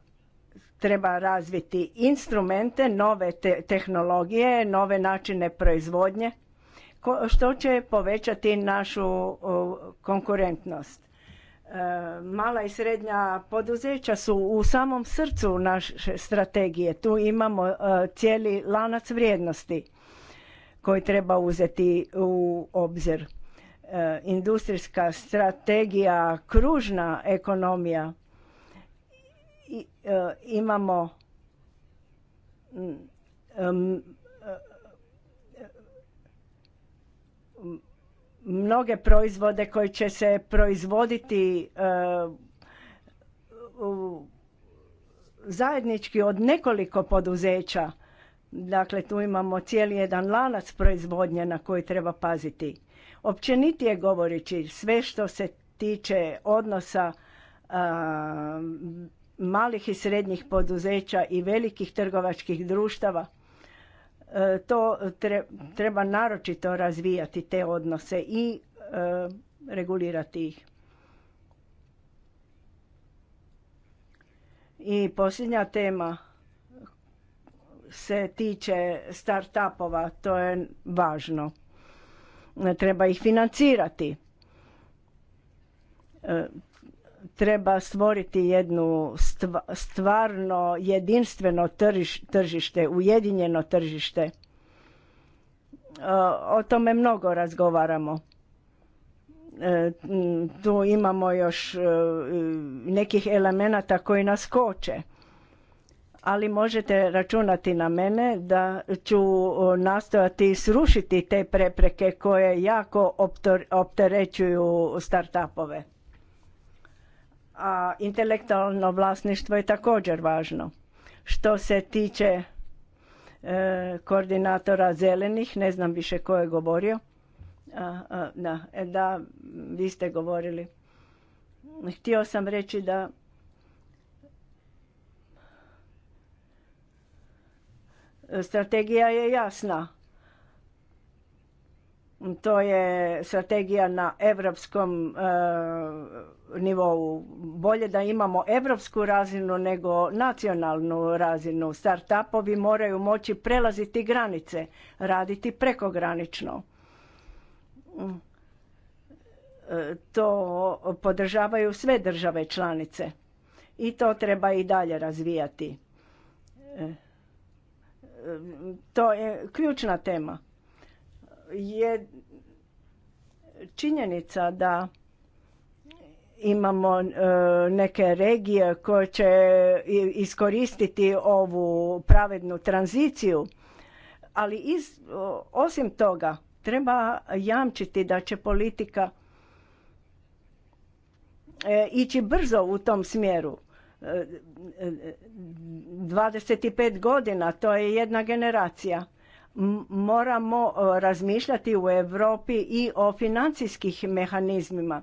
treba razviti instrumente, nove tehnologije, nove načine proizvodnje, što će povećati našu konkurentnost E, mala i srednja poduzeća su u samom srcu naše strategije. Tu imamo e, cijeli lanac vrijednosti koji treba uzeti u obzir. E, industrijska strategija, kružna ekonomija. Imamo mnoge proizvode koji će se proizvoditi e, zajednički od nekoliko poduzeća. Dakle, tu imamo cijeli jedan lanac proizvodnje na koji treba paziti. Općenitije govoreći, sve što se tiče odnosa malih i srednjih poduzeća i velikih trgovačkih društava, E, to treba naročito razvijati te odnose i e, regulirati ih. I posljednja tema se tiče startupova, to je važno. E, treba ih financirati treba stvoriti jednu stvarno jedinstveno tržište, ujedinjeno tržište. E, o tome mnogo razgovaramo. E, tu imamo još e, nekih elemenata koji nas koče. Ali možete računati na mene da ću nastojati srušiti te prepreke koje jako opterećuju startupove a intelektualno vlasništvo je također važno. Što se tiče e, koordinatora zelenih, ne znam više ko je govorio, da, e, da, vi ste govorili. Htio sam reći da strategija je jasna to je strategija na europskom eh, nivou. Bolje da imamo europsku razinu nego nacionalnu razinu. Startupovi moraju moći prelaziti granice, raditi prekogranično. Eh, to podržavaju sve države članice i to treba i dalje razvijati. Eh, to je ključna tema je činjenica da imamo e, neke regije koje će iskoristiti ovu pravednu tranziciju ali osim toga treba jamčiti da će politika e, ići brzo u tom smjeru 25 e, godina to je jedna generacija moramo e, razmišljati u Europi i o financijskih mehanizmima.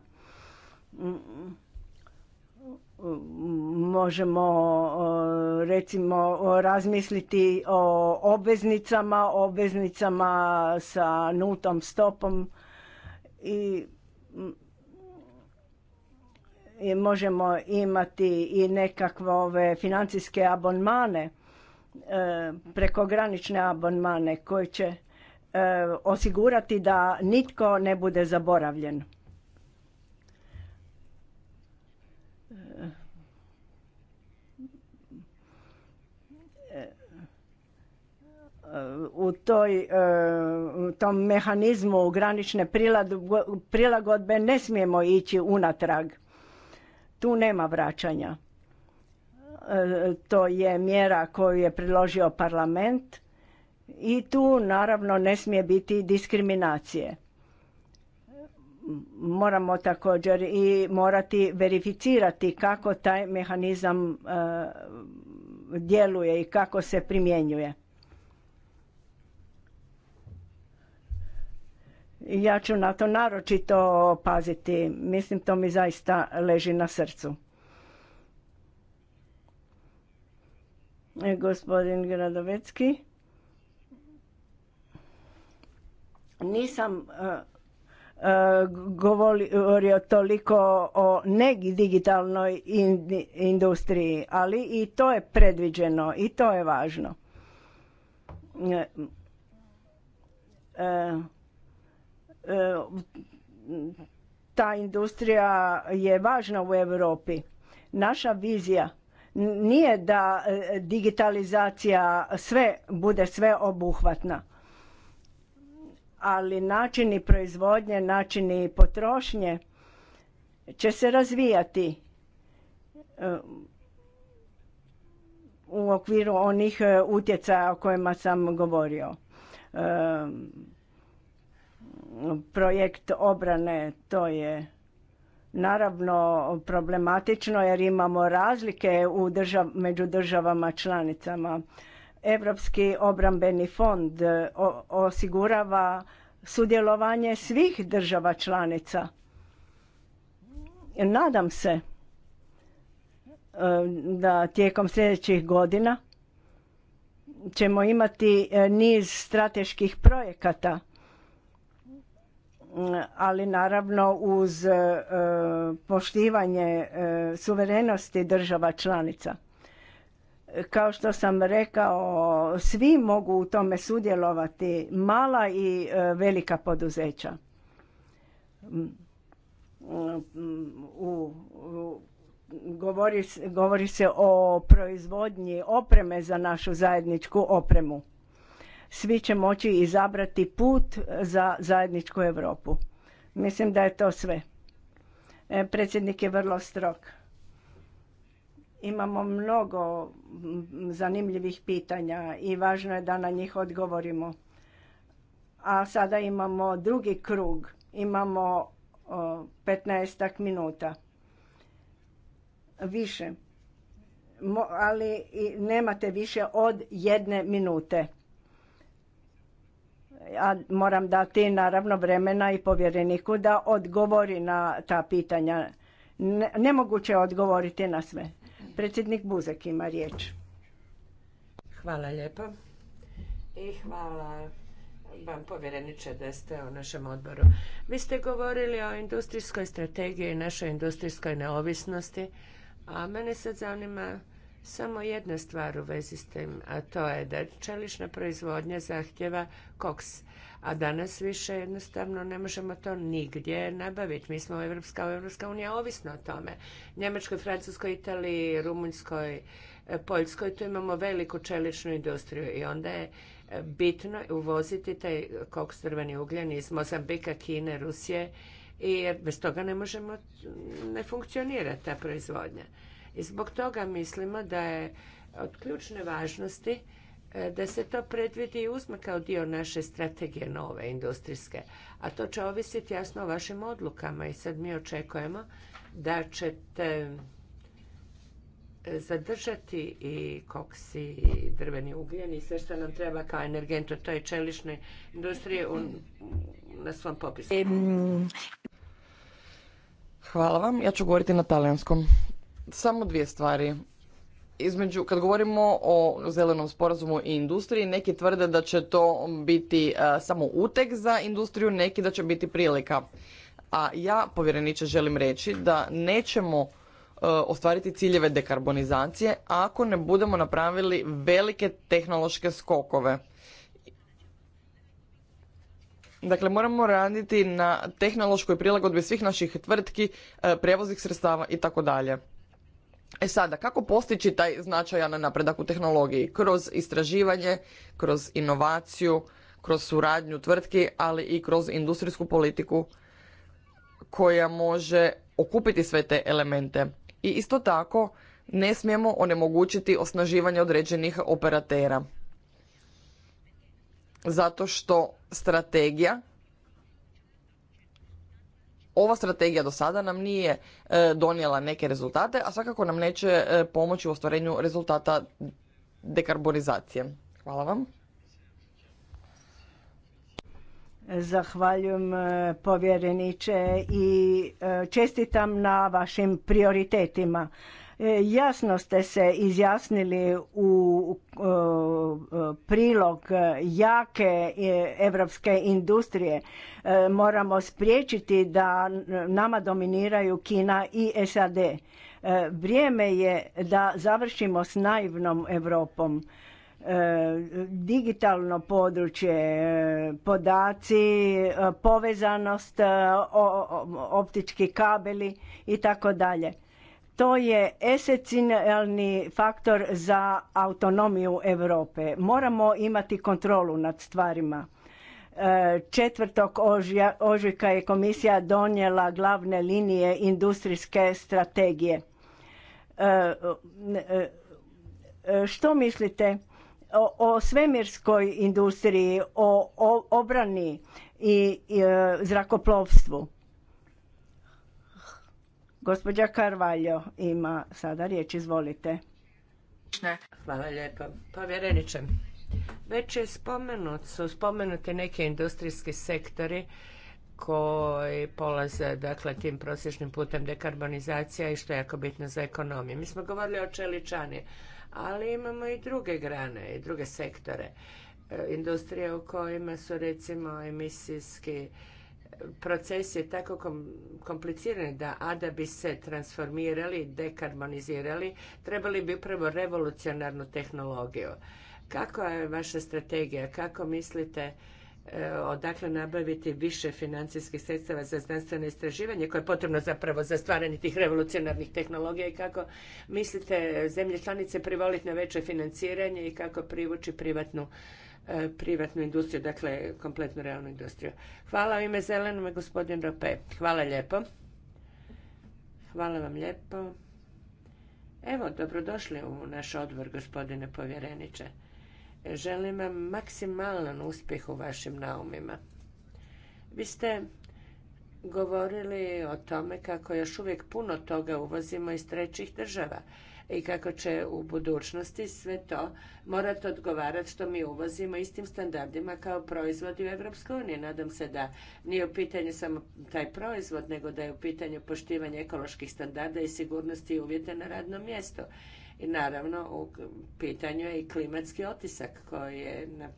Možemo e, recimo razmisliti o obveznicama, obveznicama sa nultom stopom i možemo imati i nekakve ove financijske abonmane E, prekogranične abonmane koji će e, osigurati da nitko ne bude zaboravljen. u toj, e, u tom mehanizmu granične prilagodbe ne smijemo ići unatrag. Tu nema vraćanja. E, to je mjera koju je priložio parlament i tu naravno ne smije biti diskriminacije. Moramo također i morati verificirati kako taj mehanizam e, djeluje i kako se primjenjuje. Ja ću na to naročito paziti, mislim to mi zaista leži na srcu. E, gospodin Gradovecki. Nisam e, e, govorio toliko o negi digitalnoj industriji, ali i to je predviđeno i to je važno. Ta industrija je važna u Europi. Naša vizija nije da e, digitalizacija sve bude sve obuhvatna, ali načini proizvodnje, načini potrošnje će se razvijati e, u okviru onih e, utjecaja o kojima sam govorio. Projekt obrane to je naravno problematično jer imamo razlike u držav, među državama članicama. Europski obrambeni fond e, osigurava sudjelovanje svih država članica. Nadam se e, da tijekom sljedećih godina ćemo imati e, niz strateških projekata ali naravno uz e, poštivanje e, suverenosti država članica. Kao što sam rekao, svi mogu u tome sudjelovati, mala i e, velika poduzeća. U, u, govori, govori se o proizvodnji opreme za našu zajedničku opremu svi će moći izabrati put za zajedničku Europu. Mislim da je to sve. E, predsjednik je vrlo strog. Imamo mnogo zanimljivih pitanja i važno je da na njih odgovorimo. A sada imamo drugi krug. Imamo 15 minuta. Više. Ali nemate više od jedne minute a moram dati naravno vremena i povjereniku da odgovori na ta pitanja. nemoguće je odgovoriti na sve. Predsjednik Buzek ima riječ. Hvala lijepo i hvala vam povjereniče da ste u našem odboru. Vi ste govorili o industrijskoj strategiji i našoj industrijskoj neovisnosti, a mene sad zanima samo jedna stvar u vezi s tim, a to je da čelična proizvodnja zahtjeva koks, a danas više jednostavno ne možemo to nigdje nabaviti. Mi smo Evropska, Evropska unija ovisno o tome. Njemačkoj, Francuskoj, Italiji, Rumunjskoj, e, Poljskoj, tu imamo veliku čeličnu industriju i onda je e, bitno uvoziti taj koks drveni ugljen iz Mozambika, Kine, Rusije, i bez toga ne možemo, ne funkcionira ta proizvodnja. I zbog toga mislimo da je od ključne važnosti e, da se to predvidi i uzme kao dio naše strategije nove industrijske. A to će ovisiti jasno o vašim odlukama i sad mi očekujemo da ćete e, zadržati i Koksi i drveni ugljen i sve što nam treba kao energent od toj čeličnoj industrije na svom popisu. Hvala vam. Ja ću govoriti na talijanskom. Samo dvije stvari. Između, kad govorimo o zelenom sporazumu i industriji, neki tvrde da će to biti e, samo utek za industriju, neki da će biti prilika. A ja, povjereniče, želim reći da nećemo e, ostvariti ciljeve dekarbonizacije ako ne budemo napravili velike tehnološke skokove. Dakle, moramo raditi na tehnološkoj prilagodbi svih naših tvrtki, e, prevoznih sredstava i tako dalje. E sada, kako postići taj značajan napredak u tehnologiji? Kroz istraživanje, kroz inovaciju, kroz suradnju tvrtki, ali i kroz industrijsku politiku koja može okupiti sve te elemente. I isto tako, ne smijemo onemogućiti osnaživanje određenih operatera. Zato što strategija ova strategija do sada nam nije e, donijela neke rezultate, a svakako nam neće e, pomoći u ostvarenju rezultata dekarbonizacije. Hvala vam. Zahvaljujem e, povjereniče i čestitam na vašim prioritetima. E, jasno ste se izjasnili u e, prilog jake e, evropske industrije. Moramo spriječiti da nama dominiraju Kina i SAD. Vrijeme je da završimo s naivnom Europom. Digitalno područje, podaci, povezanost, optički kabeli i tako dalje to je esencijalni faktor za autonomiju Europe. Moramo imati kontrolu nad stvarima. E, četvrtog ožujka je komisija donijela glavne linije industrijske strategije. E, e, što mislite o svemirskoj industriji, o obrani i zrakoplovstvu? Gospođa Karvaljo ima sada riječ, izvolite. Hvala lijepo. Povjereniče, već je spomenut, su spomenuti neki industrijski sektori koji polaze dakle, tim prosječnim putem dekarbonizacija i što je jako bitno za ekonomiju. Mi smo govorili o čeličani, ali imamo i druge grane i druge sektore e, industrije u kojima su recimo emisijski proces je tako kompliciran da, a da bi se transformirali, dekarbonizirali, trebali bi upravo revolucionarnu tehnologiju. Kako je vaša strategija? Kako mislite e, odakle nabaviti više financijskih sredstava za znanstveno istraživanje koje je potrebno zapravo za stvaranje tih revolucionarnih tehnologija i kako mislite zemlje članice privoliti na veće financiranje i kako privući privatnu E, privatnu industriju, dakle kompletnu realnu industriju. Hvala u ime zelenome gospodin Rope. Hvala lijepo. Hvala vam lijepo. Evo, dobrodošli u naš odbor, gospodine povjereniče. Želim vam maksimalan uspjeh u vašim naumima. Vi ste govorili o tome kako još uvijek puno toga uvozimo iz trećih država i kako će u budućnosti sve to morati odgovarati što mi uvozimo istim standardima kao proizvodi u Europskoj uniji. Nadam se da nije u pitanju samo taj proizvod, nego da je u pitanju poštivanje ekoloških standarda i sigurnosti i uvjeta na radnom mjestu. I naravno, u pitanju je i klimatski otisak koji je na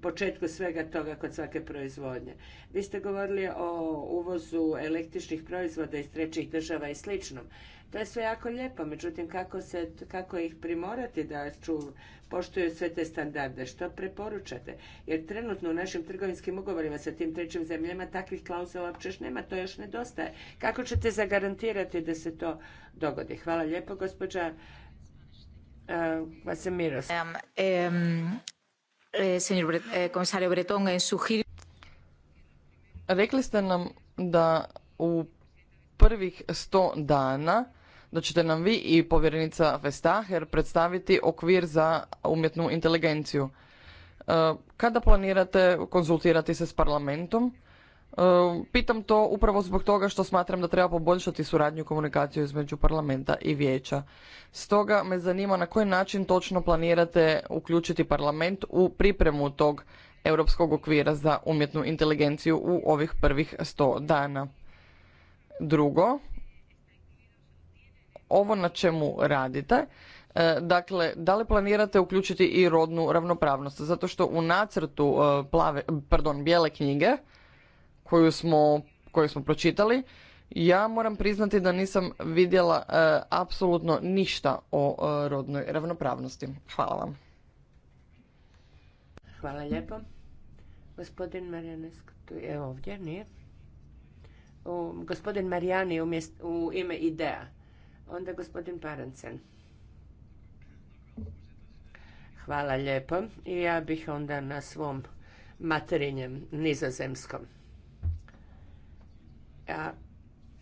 početku svega toga kod svake proizvodnje. Vi ste govorili o uvozu električnih proizvoda iz trećih država i sličnom. To je sve jako lijepo, međutim kako, se, kako ih primorati da ču, poštuju sve te standarde, što preporučate? Jer trenutno u našim trgovinskim ugovorima sa tim trećim zemljama takvih klauzula uopće nema, to još nedostaje. Kako ćete zagarantirati da se to dogodi? Hvala lijepo, gospođa uh, Vasemiros. Um, Rekli ste nam da u prvih sto dana da ćete nam vi i povjerenica Vestager predstaviti okvir za umjetnu inteligenciju. E, kada planirate konzultirati se s parlamentom? E, pitam to upravo zbog toga što smatram da treba poboljšati suradnju i komunikaciju između parlamenta i vijeća. Stoga me zanima na koji način točno planirate uključiti parlament u pripremu tog europskog okvira za umjetnu inteligenciju u ovih prvih sto dana. Drugo, ovo na čemu radite, e, dakle, da li planirate uključiti i rodnu ravnopravnost? Zato što u nacrtu e, plave, pardon, bijele knjige koju smo, koju smo pročitali, ja moram priznati da nisam vidjela e, apsolutno ništa o rodnoj ravnopravnosti. Hvala vam. Hvala lijepo. Gospodin Marijanesk tu je ovdje, nije? gospodin Marijani u ime ideja Onda gospodin Parancen. Hvala lijepo. I ja bih onda na svom materinjem nizozemskom. a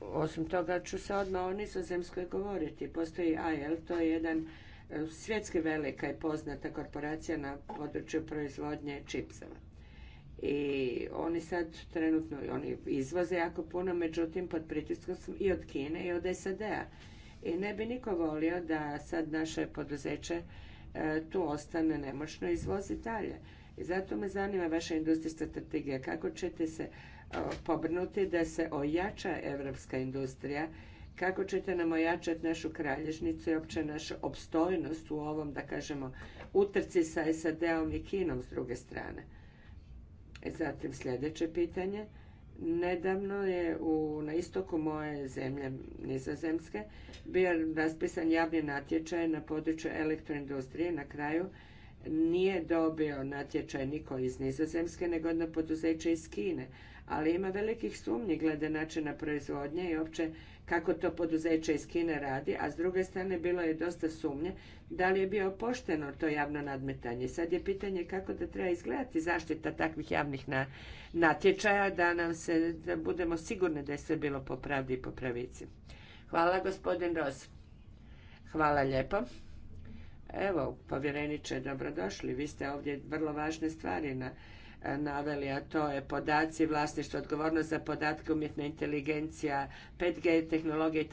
osim toga ću se odmah o nizozemskoj govoriti. Postoji AL, to je jedan e, svjetski velika i poznata korporacija na području proizvodnje čipsova. I oni sad trenutno, oni izvoze jako puno, međutim pod pritiskom i od Kine i od SAD-a i ne bi niko volio da sad naše poduzeće e, tu ostane nemoćno i izvozi dalje. I zato me zanima vaša industrijska strategija. Kako ćete se e, pobrnuti da se ojača evropska industrija? Kako ćete nam ojačati našu kralježnicu i opće našu opstojnost u ovom, da kažemo, utrci sa SAD-om i Kinom s druge strane? E, zatim sljedeće pitanje – Nedavno je u, na istoku moje zemlje, nizozemske, bio raspisan javni natječaj na području elektroindustrije. Na kraju nije dobio natječaj niko iz nizozemske, nego jedno poduzeće iz Kine. Ali ima velikih sumnji glede načina proizvodnje i opće kako to poduzeće iz Kine radi, a s druge strane bilo je dosta sumnje da li je bio pošteno to javno nadmetanje. Sad je pitanje kako da treba izgledati zaštita takvih javnih natječaja da nam se, budemo sigurni da je sve bilo po pravdi i po pravici. Hvala gospodin Ros. Hvala lijepo. Evo, povjereniče, dobrodošli. Vi ste ovdje vrlo važne stvari na naveli, a to je podaci, vlasništvo, odgovornost za podatke, umjetna inteligencija, 5G tehnologije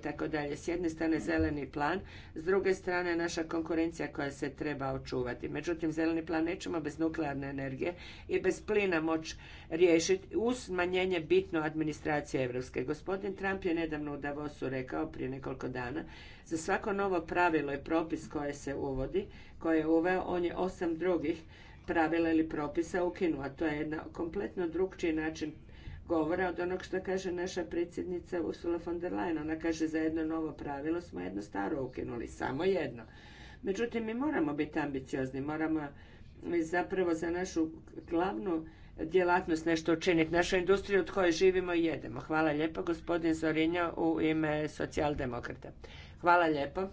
tako dalje. S jedne strane zeleni plan, s druge strane naša konkurencija koja se treba očuvati. Međutim, zeleni plan nećemo bez nuklearne energije i bez plina moći riješiti uz smanjenje bitno administracije Evropske. Gospodin Trump je nedavno u Davosu rekao prije nekoliko dana za svako novo pravilo i propis koje se uvodi, koje je uveo, on je osam drugih pravila ili propisa ukinu, a to je jedan kompletno drugčiji način govora od onog što kaže naša predsjednica Ursula von der Leyen. Ona kaže za jedno novo pravilo smo jedno staro ukinuli, samo jedno. Međutim, mi moramo biti ambiciozni, moramo zapravo za našu glavnu djelatnost nešto učiniti, našu industriju od koje živimo i jedemo. Hvala lijepo, gospodin Zorinja u ime socijaldemokrata. Hvala lijepo,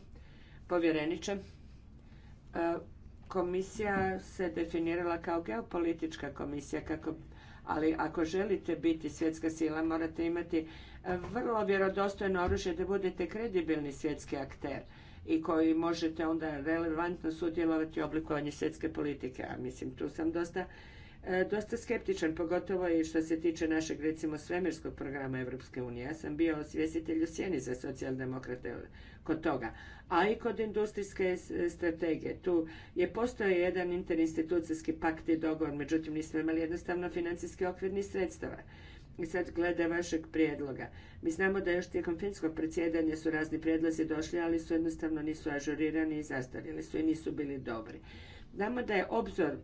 povjereniče. E, komisija se definirala kao geopolitička komisija, kako, ali ako želite biti svjetska sila morate imati e, vrlo vjerodostojno oružje da budete kredibilni svjetski akter i koji možete onda relevantno sudjelovati u oblikovanju svjetske politike. A mislim, tu sam dosta E, dosta skeptičan, pogotovo i što se tiče našeg, recimo, svemirskog programa Europske unije. Ja sam bio osvjestitelj u sjeni za socijaldemokrate kod toga, a i kod industrijske strategije. Tu je postao jedan interinstitucijski pakt i dogovor, međutim nismo imali jednostavno financijski okvirni sredstava. I sad glede vašeg prijedloga. Mi znamo da još tijekom finskog predsjedanja su razni prijedlozi došli, ali su jednostavno nisu ažurirani i zastarjeli su i nisu bili dobri. Znamo da je obzor e,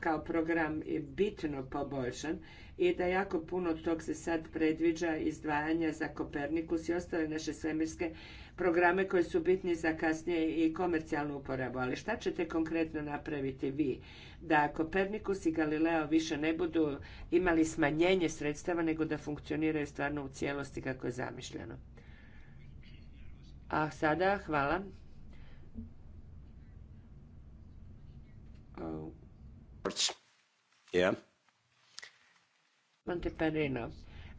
kao program bitno poboljšan i da jako puno tog se sad predviđa izdvajanja za Kopernikus i ostale naše svemirske programe koji su bitni za kasnije i komercijalnu uporabu. Ali šta ćete konkretno napraviti vi? Da Kopernikus i Galileo više ne budu imali smanjenje sredstava nego da funkcioniraju stvarno u cijelosti kako je zamišljeno. A sada hvala Uh,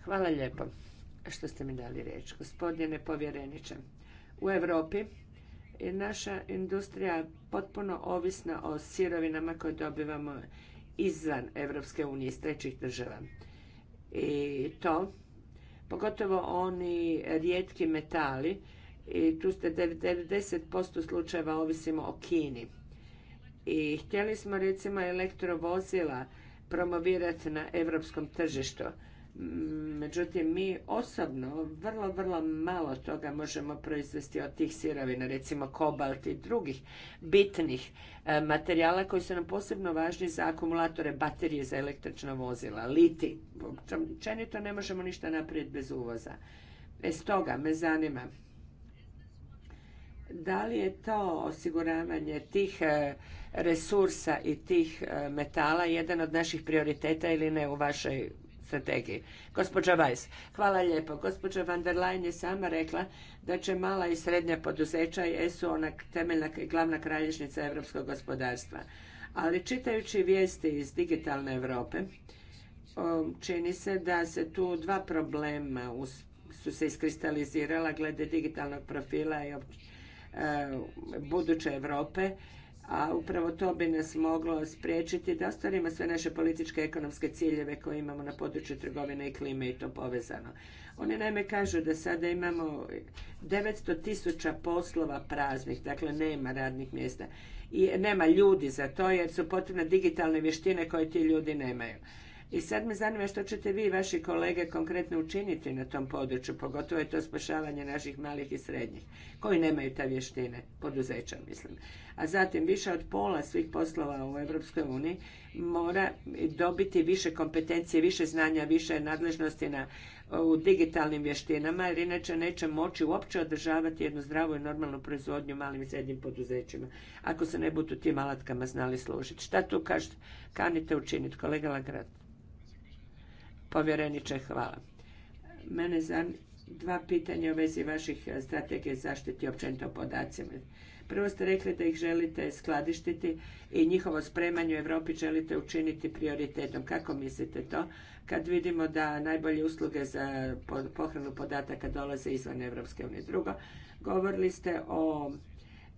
hvala lijepo što ste mi dali riječ, gospodine povjereniče. U Europi je naša industrija potpuno ovisna o sirovinama koje dobivamo izvan Evropske unije, iz trećih država. I to, pogotovo oni rijetki metali, i tu ste 90% slučajeva ovisimo o Kini i htjeli smo recimo elektrovozila promovirati na europskom tržištu. Međutim, mi osobno vrlo, vrlo malo toga možemo proizvesti od tih sirovina, recimo kobalt i drugih bitnih e, materijala koji su nam posebno važni za akumulatore baterije za električna vozila, liti. Općenito ne možemo ništa naprijed bez uvoza. E stoga me zanima da li je to osiguravanje tih e, resursa i tih e, metala jedan od naših prioriteta ili ne u vašoj strategiji. Gospođa Vajs, hvala lijepo. Gospođa van der Leyen je sama rekla da će mala i srednja poduzeća jesu ona temeljna i glavna kralježnica europskog gospodarstva. Ali čitajući vijesti iz digitalne Europe, čini se da se tu dva problema su se iskristalizirala glede digitalnog profila i e, buduće Europe a upravo to bi nas moglo spriječiti da ostvarimo sve naše političke i ekonomske ciljeve koje imamo na području trgovine i klime i to povezano. Oni naime kažu da sada imamo 900 tisuća poslova praznih, dakle nema radnih mjesta i nema ljudi za to jer su potrebne digitalne vještine koje ti ljudi nemaju. I sad me zanima što ćete vi i vaši kolege konkretno učiniti na tom području, pogotovo je to spašavanje naših malih i srednjih, koji nemaju te vještine, poduzeća mislim. A zatim više od pola svih poslova u Europskoj uniji mora dobiti više kompetencije, više znanja, više nadležnosti na, u digitalnim vještinama, jer inače neće moći uopće održavati jednu zdravu i normalnu proizvodnju malim i srednjim poduzećima, ako se ne budu tim alatkama znali služiti. Šta tu kažete, kanite učiniti, kolega Lagrad? povjereniče, hvala. Mene zanima dva pitanja u vezi vaših e, strategije zaštiti općenito podacima. Prvo ste rekli da ih želite skladištiti i njihovo spremanje u Europi želite učiniti prioritetom. Kako mislite to kad vidimo da najbolje usluge za pohranu podataka dolaze izvan Europske unije? Drugo, govorili ste o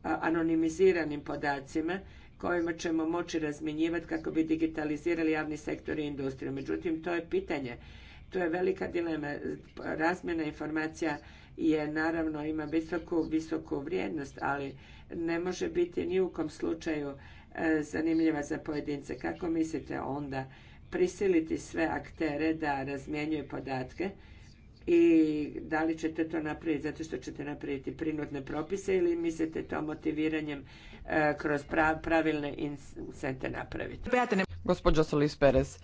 anonimiziranim podacima kojima ćemo moći razmjenjivati kako bi digitalizirali javni sektor i industriju. Međutim, to je pitanje. To je velika dilema. Razmjena informacija je naravno ima visoku, visoku vrijednost, ali ne može biti ni u kom slučaju e, zanimljiva za pojedince. Kako mislite onda prisiliti sve aktere da razmjenjuju podatke i da li ćete to napraviti zato što ćete napraviti prinudne propise ili mislite to motiviranjem e, kroz pravilne incente napraviti? Gospođo Solis Perez, e,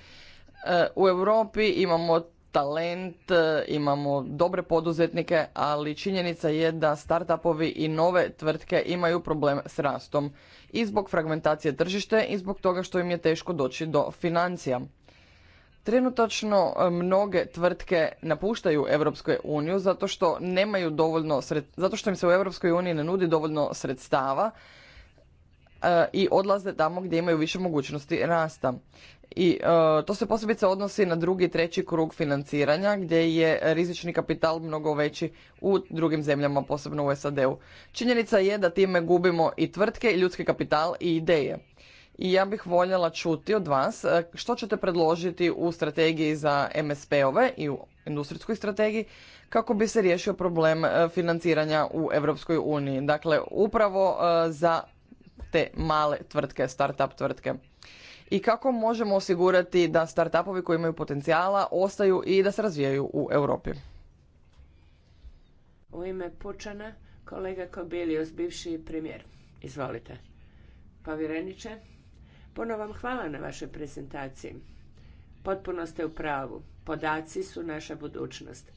u Europi imamo talent, e, imamo dobre poduzetnike, ali činjenica je da startupovi i nove tvrtke imaju problem s rastom i zbog fragmentacije tržište i zbog toga što im je teško doći do financija. Trenutočno e, mnoge tvrtke napuštaju Europsku uniju zato što nemaju dovoljno sred, zato što im se u Europskoj uniji ne nudi dovoljno sredstava e, i odlaze tamo gdje imaju više mogućnosti rasta. I e, to se posebice odnosi na drugi i treći krug financiranja gdje je rizični kapital mnogo veći u drugim zemljama, posebno u SAD-u. Činjenica je da time gubimo i tvrtke i ljudski kapital i ideje i ja bih voljela čuti od vas e, što ćete predložiti u strategiji za MSP-ove i u industrijskoj strategiji kako bi se riješio problem e, financiranja u Europskoj uniji. Dakle, upravo e, za te male tvrtke, start-up tvrtke. I kako možemo osigurati da startupovi koji imaju potencijala ostaju i da se razvijaju u Europi. U ime Pučana, kolega Kobilius, bivši premijer. Izvolite. Povjereniče. Puno vam hvala na vašoj prezentaciji. Potpuno ste u pravu. Podaci su naša budućnost.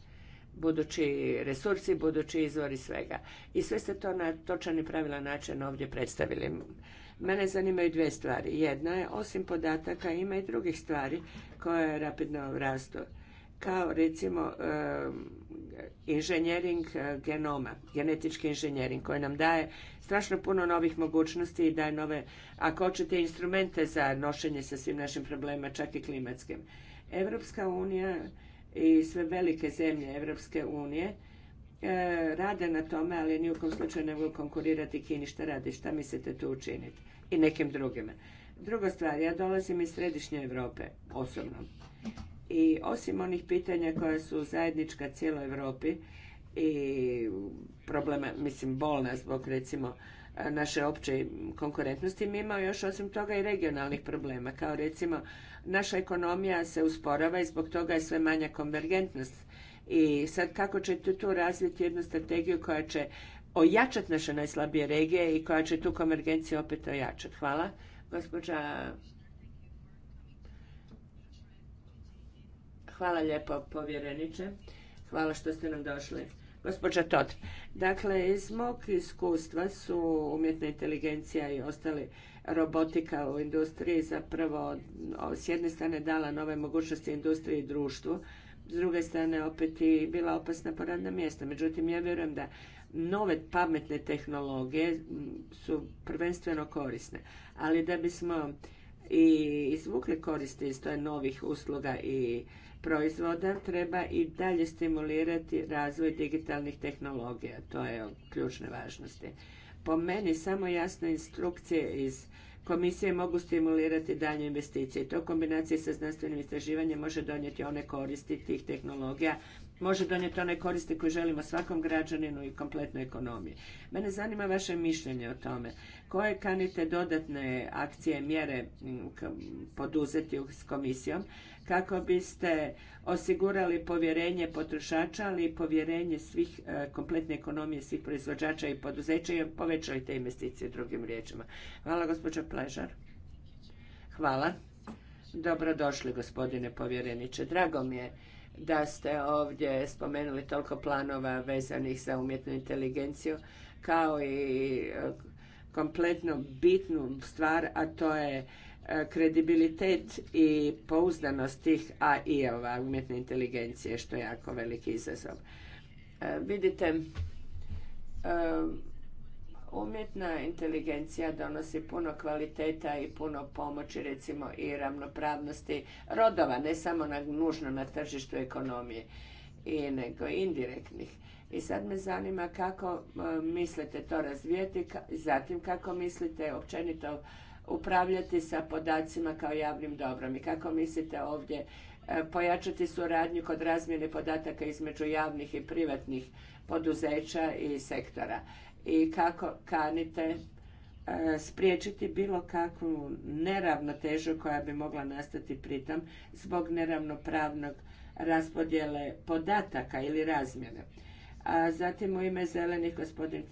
Budući resursi, budući izvori svega. I sve ste to na točan i pravilan način ovdje predstavili. Mene zanimaju dvije stvari. Jedna je, osim podataka, ima i drugih stvari koje rapidno rastu. Kao recimo, inženjering eh, genoma, genetički inženjering koji nam daje strašno puno novih mogućnosti i daje nove, ako hoćete, instrumente za nošenje sa svim našim problemima, čak i klimatskim. Evropska unija i sve velike zemlje Evropske unije eh, rade na tome, ali ni u kom slučaju ne mogu konkurirati Kini šta radi, šta mislite tu učiniti i nekim drugima. Druga stvar, ja dolazim iz središnje Europe osobno i osim onih pitanja koja su zajednička cijeloj Europi i problema, mislim, bolna zbog recimo naše opće konkurentnosti, mi imamo još osim toga i regionalnih problema, kao recimo naša ekonomija se usporava i zbog toga je sve manja konvergentnost. I sad kako ćete tu razviti jednu strategiju koja će ojačati naše najslabije regije i koja će tu konvergenciju opet ojačati? Hvala. Gospođa Hvala lijepo povjereniče. Hvala što ste nam došli. Gospođa Tot, dakle iz mog iskustva su umjetna inteligencija i ostali robotika u industriji zapravo s jedne strane dala nove mogućnosti industriji i društvu, s druge strane opet i bila opasna po radna mjesta. Međutim, ja vjerujem da nove pametne tehnologije su prvenstveno korisne, ali da bismo i izvukli koristi iz toj novih usluga i proizvoda treba i dalje stimulirati razvoj digitalnih tehnologija. To je od ključne važnosti. Po meni samo jasne instrukcije iz komisije mogu stimulirati dalje investicije. To u kombinaciji sa znanstvenim istraživanjem može donijeti one koristi tih tehnologija, može donijeti one koristi koje želimo svakom građaninu i kompletnoj ekonomiji. Mene zanima vaše mišljenje o tome. Koje kanite dodatne akcije, mjere poduzeti s komisijom kako biste osigurali povjerenje potrošača, ali i povjerenje svih, e, kompletne ekonomije svih proizvođača i poduzeća i povećali te investicije drugim riječima. Hvala gospođo Pležar. Hvala. Dobrodošli gospodine povjereniče. Drago mi je da ste ovdje spomenuli toliko planova vezanih za umjetnu inteligenciju kao i e, kompletno bitnu stvar, a to je E, kredibilitet i pouzdanost tih AI-ova, umjetne inteligencije, što je jako veliki izazov. E, vidite, e, umjetna inteligencija donosi puno kvaliteta i puno pomoći, recimo i ravnopravnosti rodova, ne samo nužno na tržištu ekonomije, i nego indirektnih. I sad me zanima kako mislite to razvijeti, zatim kako mislite općenito upravljati sa podacima kao javnim dobrom i kako mislite ovdje e, pojačati suradnju kod razmjene podataka između javnih i privatnih poduzeća i sektora i kako kanite e, spriječiti bilo kakvu neravnotežu koja bi mogla nastati pritom zbog neravnopravnog raspodjele podataka ili razmjene. A zatim u ime zelenih gospodin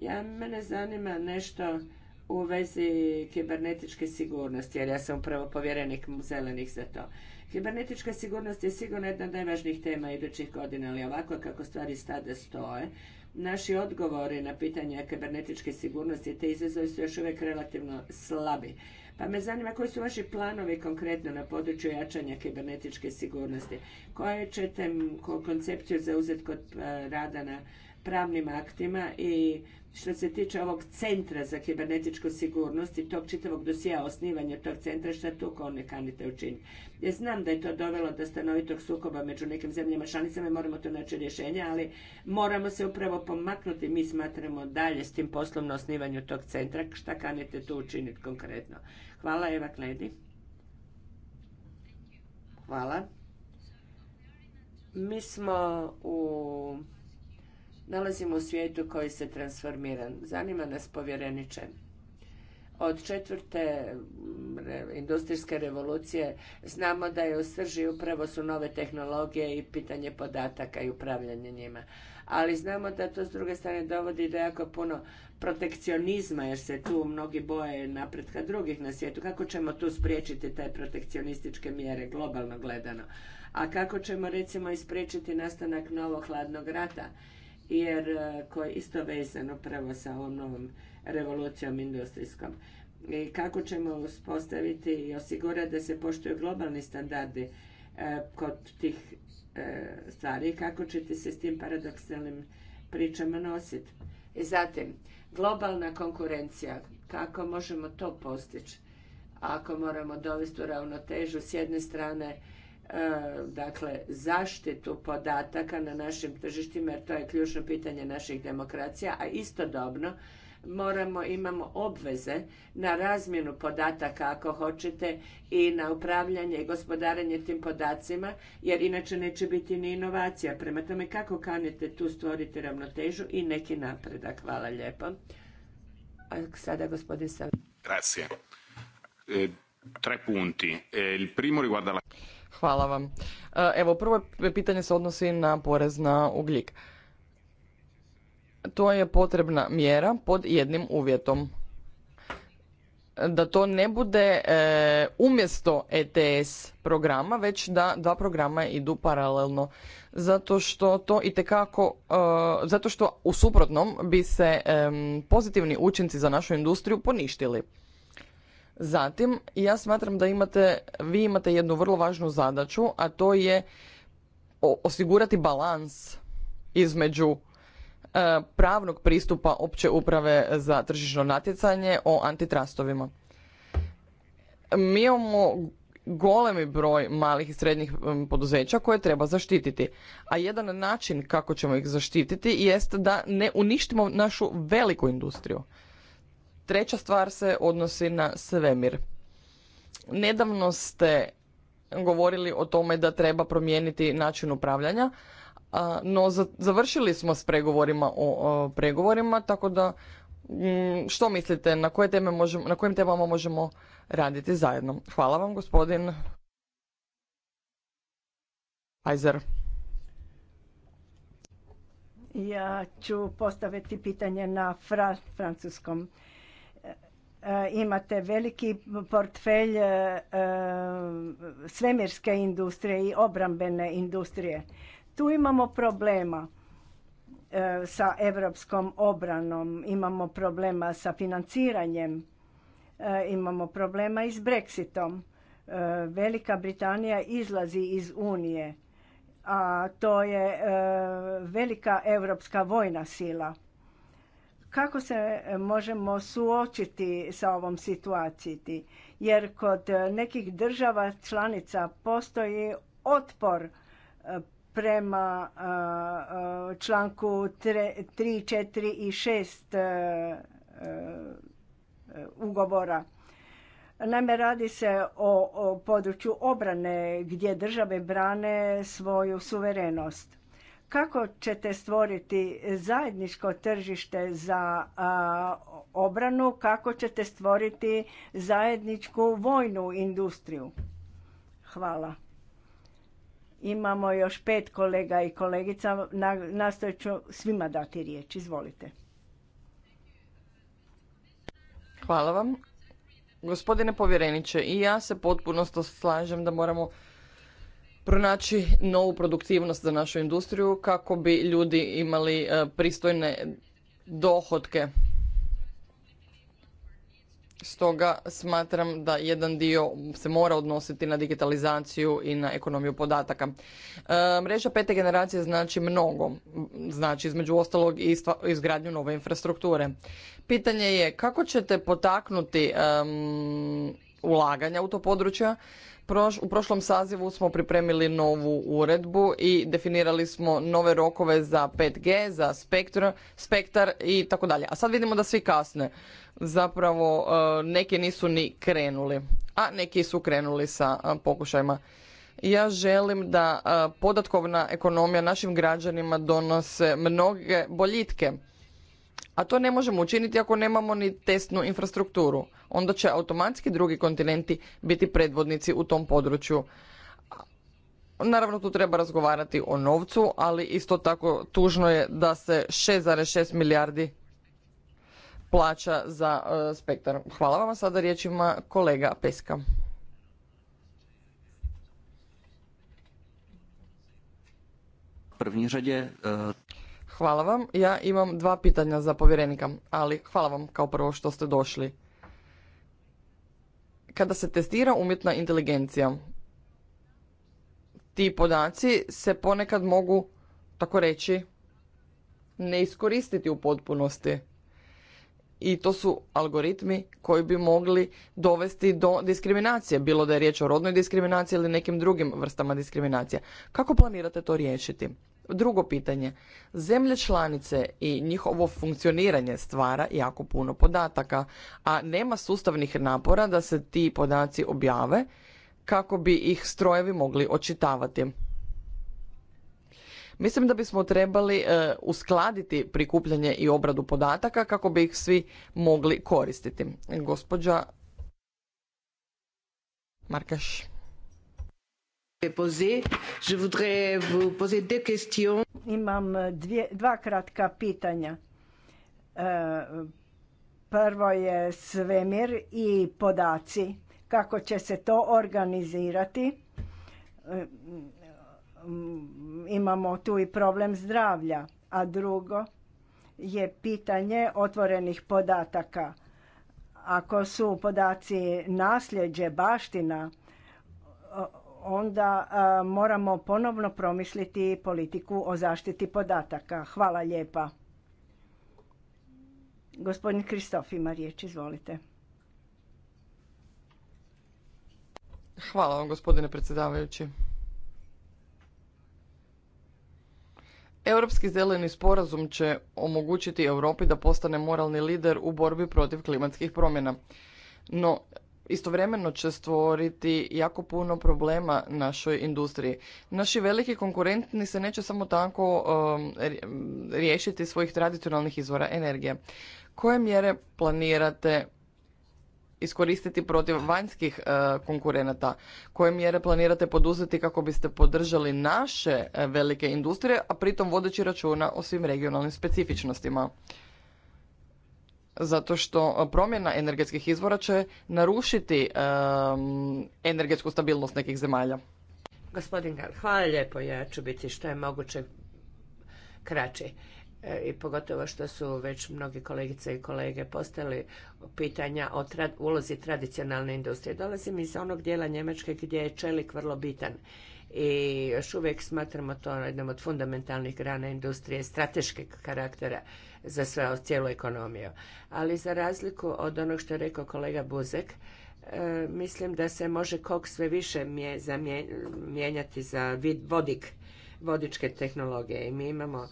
Ja, mene zanima nešto u vezi kibernetičke sigurnosti, jer ja sam upravo povjerenik zelenih za to. Kibernetička sigurnost je sigurno jedna od najvažnijih tema idućih godina, ali ovako kako stvari stade stoje, naši odgovori na pitanje kibernetičke sigurnosti te izazove su još uvijek relativno slabi. Pa me zanima koji su vaši planovi konkretno na području jačanja kibernetičke sigurnosti. Koje ćete koncepciju zauzeti kod e, rada na pravnim aktima i što se tiče ovog centra za kibernetičku sigurnost i tog čitavog dosija osnivanja tog centra, što tu ne kanite učiniti. Ja znam da je to dovelo do stanovitog sukoba među nekim zemljama članicama i moramo to naći rješenje, ali moramo se upravo pomaknuti. Mi smatramo dalje s tim poslom na osnivanju tog centra. Šta kanite tu učiniti konkretno? Hvala Eva Kledi. Hvala. Mi smo u nalazimo u svijetu koji se transformira. Zanima nas povjereniče. Od četvrte industrijske revolucije znamo da je u srži upravo su nove tehnologije i pitanje podataka i upravljanje njima. Ali znamo da to s druge strane dovodi do jako puno protekcionizma jer se tu mnogi boje napretka drugih na svijetu. Kako ćemo tu spriječiti te protekcionističke mjere globalno gledano? A kako ćemo recimo ispriječiti nastanak novog hladnog rata jer e, koje je isto vezano upravo sa ovom novom revolucijom industrijskom. I kako ćemo uspostaviti i osigurati da se poštuju globalni standardi e, kod tih e, stvari i kako ćete se s tim paradoksalnim pričama nositi. I zatim, globalna konkurencija, kako možemo to postići? Ako moramo dovesti u ravnotežu s jedne strane E, dakle zaštitu podataka na našim tržištima jer to je ključno pitanje naših demokracija, a istodobno moramo, imamo obveze na razmjenu podataka ako hoćete i na upravljanje i gospodarenje tim podacima jer inače neće biti ni inovacija. Prema tome kako kanite tu stvoriti ravnotežu i neki napredak. Hvala lijepo. sada gospodin Grazie. E, tre punti. E, il primo riguarda la... Hvala vam. E, evo, prvo pitanje se odnosi na porez na ugljik. To je potrebna mjera pod jednim uvjetom. Da to ne bude e, umjesto ETS programa, već da dva programa idu paralelno. Zato što to i e, zato što u suprotnom bi se pozitivni učinci za našu industriju poništili. Zatim, ja smatram da imate, vi imate jednu vrlo važnu zadaću, a to je osigurati balans između e, pravnog pristupa opće uprave za tržišno natjecanje o antitrastovima. Mi imamo golemi broj malih i srednjih poduzeća koje treba zaštititi. A jedan način kako ćemo ih zaštititi jest da ne uništimo našu veliku industriju. Treća stvar se odnosi na svemir. Nedavno ste govorili o tome da treba promijeniti način upravljanja, no završili smo s pregovorima o pregovorima, tako da mm, što mislite, na, koje teme možemo, na kojim temama možemo raditi zajedno? Hvala vam, gospodin Pajzer. Ja ću postaviti pitanje na francuskom. E, imate veliki portfelj e, e, svemirske industrije i obrambene industrije. Tu imamo problema sa evropskom obranom, imamo problema sa financiranjem, imamo problema i s Brexitom. Velika Britanija izlazi iz Unije, a to je velika evropska vojna sila kako se e, možemo suočiti sa ovom situacijom? Jer kod e, nekih država članica postoji otpor e, prema članku 3, 4 i 6 ugovora. Naime, radi se o području obrane gdje države brane svoju suverenost. Kako ćete stvoriti zajedničko tržište za obranu, kako ćete stvoriti zajedničku vojnu industriju? Hvala. Imamo još pet kolega i kolegica, nastojat ću svima dati riječ. Izvolite. Hvala vam. Gospodine povjereniče, i ja se potpuno slažem da moramo pronaći novu produktivnost za našu industriju kako bi ljudi imali e, pristojne dohotke. Stoga smatram da jedan dio se mora odnositi na digitalizaciju i na ekonomiju podataka. E, mreža pete generacije znači mnogo, znači između ostalog i izgradnju nove infrastrukture. Pitanje je kako ćete potaknuti ulaganja u to područja u prošlom sazivu smo pripremili novu uredbu i definirali smo nove rokove za 5G, za spektar, spektar i tako dalje. A sad vidimo da svi kasne. Zapravo e, neki nisu ni krenuli, a neki su krenuli sa e, pokušajima. Ja želim da e, podatkovna ekonomija našim građanima donose mnoge boljitke a to ne možemo učiniti ako nemamo ni testnu infrastrukturu. Onda će automatski drugi kontinenti biti predvodnici u tom području. Naravno tu treba razgovarati o novcu, ali isto tako tužno je da se 6,6 milijardi plaća za e, spektar. Hvala vam sada riječima kolega Peska. E, Hvala vam. Ja imam dva pitanja za povjerenika, ali hvala vam kao prvo što ste došli. Kada se testira umjetna inteligencija, ti podaci se ponekad mogu, tako reći, ne iskoristiti u potpunosti. I to su algoritmi koji bi mogli dovesti do diskriminacije, bilo da je riječ o rodnoj diskriminaciji ili nekim drugim vrstama diskriminacije. Kako planirate to riješiti? Drugo pitanje, zemlje članice i njihovo funkcioniranje stvara jako puno podataka, a nema sustavnih napora da se ti podaci objave kako bi ih strojevi mogli očitavati. Mislim da bismo trebali e, uskladiti prikupljanje i obradu podataka kako bi ih svi mogli koristiti. Gospođa Markaš. Imam eh, dva kratka pitanja. Eh, prvo je svemir i podaci. Kako će se to organizirati? Eh, mm, imamo tu i problem zdravlja. A drugo je pitanje otvorenih podataka. Ako su podaci nasljeđe, baština, onda moramo ponovno promisliti politiku o zaštiti podataka. Hvala lijepa. Gospodin Kristof ima riječ, izvolite. Hvala vam, gospodine predsjedavajući. Europski zeleni sporazum će omogućiti Europi da postane moralni lider u borbi protiv klimatskih promjena. No, istovremeno će stvoriti jako puno problema našoj industriji. Naši veliki konkurentni se neće samo tako um, riješiti svojih tradicionalnih izvora energije. Koje mjere planirate iskoristiti protiv vanjskih uh, konkurenata? Koje mjere planirate poduzeti kako biste podržali naše uh, velike industrije, a pritom vodeći računa o svim regionalnim specifičnostima? zato što promjena energetskih izvora će narušiti energetsku stabilnost nekih zemalja. Gospodin Gal, hvala lijepo, ja ću biti što je moguće kraći. E, I pogotovo što su već mnogi kolegice i kolege postali pitanja o ulozi tradicionalne industrije. Dolazim iz onog dijela Njemačke gdje je čelik vrlo bitan i još uvijek smatramo to jednom od fundamentalnih grana industrije strateškog karaktera za sve, cijelu ekonomiju. Ali za razliku od onog što je rekao kolega Buzek, e, mislim da se može kok sve više mijenjati za vodik, vodičke tehnologije i mi imamo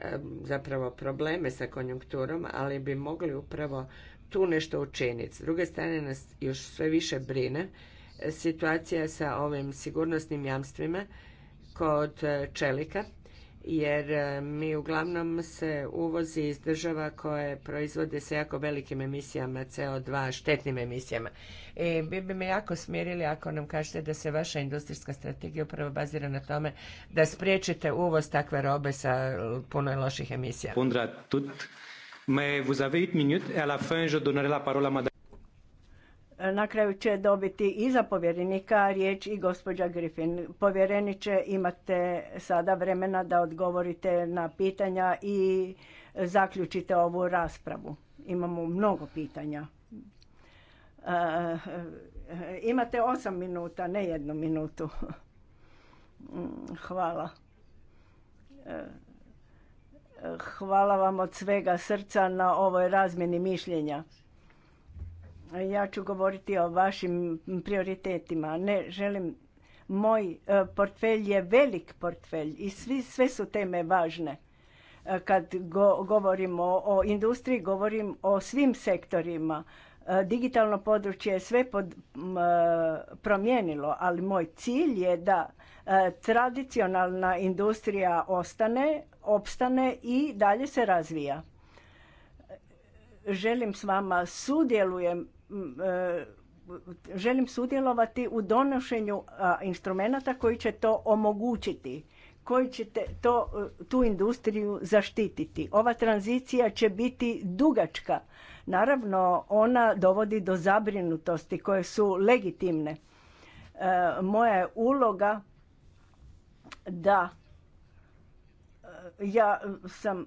e, zapravo probleme sa konjunkturom, ali bi mogli upravo tu nešto učiniti. S druge strane nas još sve više brine situacija sa ovim sigurnosnim jamstvima kod e, čelika jer e, mi uglavnom se uvozi iz država koje proizvode sa jako velikim emisijama CO2, štetnim emisijama. I bi bi me jako smirili ako nam kažete da se vaša industrijska strategija upravo bazira na tome da spriječite uvoz takve robe sa e, puno loših emisija. Pondra tut, mais vous avez la fin je la na kraju će dobiti i za povjerenika riječ i gospođa Griffin. Povjereniče, imate sada vremena da odgovorite na pitanja i zaključite ovu raspravu. Imamo mnogo pitanja. E, e, imate osam minuta, ne jednu minutu. Hvala. E, hvala vam od svega srca na ovoj razmjeni mišljenja. Ja ću govoriti o vašim prioritetima. Ne želim, moj e, portfelj je velik portfelj i svi, sve su teme važne. E, kad go, govorimo o, industriji, govorim o svim sektorima. E, digitalno područje je sve pod, promijenilo, ali moj cilj je da tradicionalna industrija ostane, opstane i dalje se razvija. Želim s vama sudjelujem E, želim sudjelovati u donošenju instrumenata koji će to omogućiti koji će to, e, tu industriju zaštititi. Ova tranzicija će biti dugačka. Naravno, ona dovodi do zabrinutosti koje su legitimne. E, moja je uloga da ja sam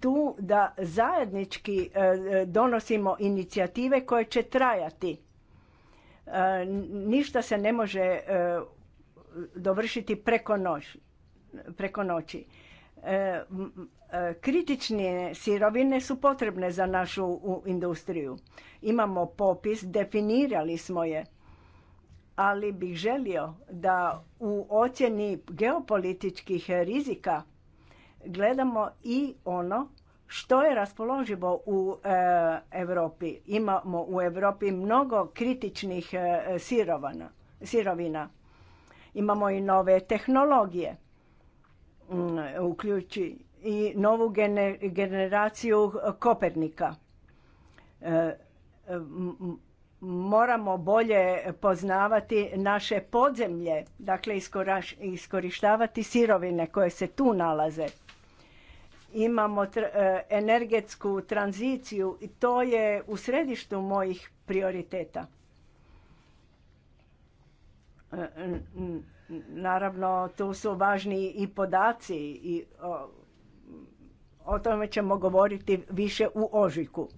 tu da zajednički e, e, donosimo inicijative koje će trajati. E, ništa se ne može dovršiti preko noći. Preko noći. Kritične sirovine su potrebne za našu industriju. Imamo popis, definirali smo je, ali bih želio da u ocjeni geopolitičkih rizika gledamo i ono što je raspoloživo u e, Europi. Imamo u Europi mnogo kritičnih e, sirovana, sirovina. Imamo i nove tehnologije, mm, uključi i novu generaciju Kopernika. E, moramo bolje poznavati naše podzemlje, dakle iskorištavati sirovine koje se tu nalaze imamo e, energetsku tranziciju i to je u središtu mojih prioriteta. E, naravno, tu su važni i podaci i o, tome ćemo govoriti više u ožujku.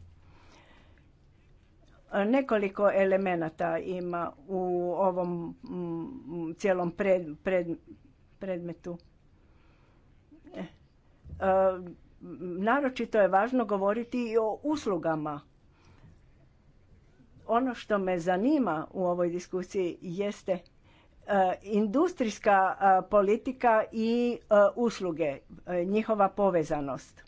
E, nekoliko elemenata ima u ovom cijelom predmetu. Eh, naročito je važno govoriti i o uslugama. Ono što me zanima u ovoj diskusiji jeste eh, industrijska eh, politika i usluge, njihova povezanost.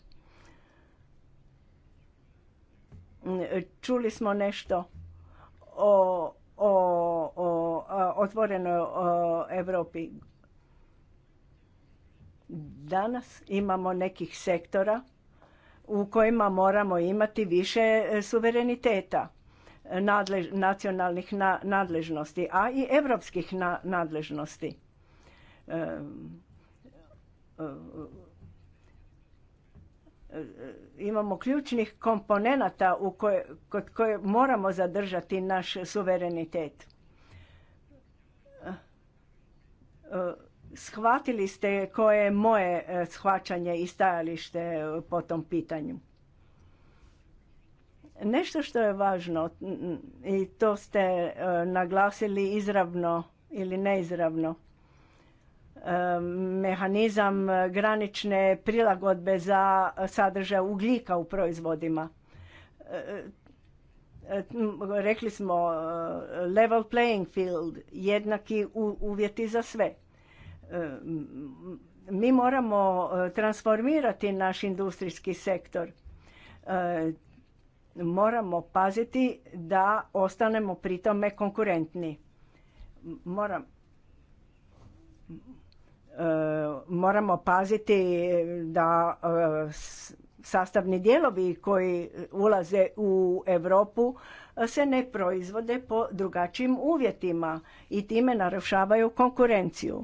Čuli smo nešto o, o, o otvorenoj Europi. Danas imamo nekih sektora u kojima moramo imati više e, suvereniteta nacionalnih nadležnosti, a i europskih nadležnosti. E, e, imamo ključnih komponenata u koje, kod koje moramo zadržati naš suverenitet. Shvatili ste koje je moje e, shvaćanje i stajalište po tom pitanju. Nešto što je važno, i to ste e, naglasili izravno ili neizravno, e, mehanizam granične prilagodbe za sadržaj ugljika u proizvodima. Rekli smo level playing field, jednaki uvjeti za sve. Mi moramo e, transformirati naš industrijski sektor. E, moramo paziti da ostanemo pri tome konkurentni. Moram, e, moramo paziti da sastavni dijelovi koji ulaze u Europu se ne proizvode po drugačijim uvjetima i time narušavaju konkurenciju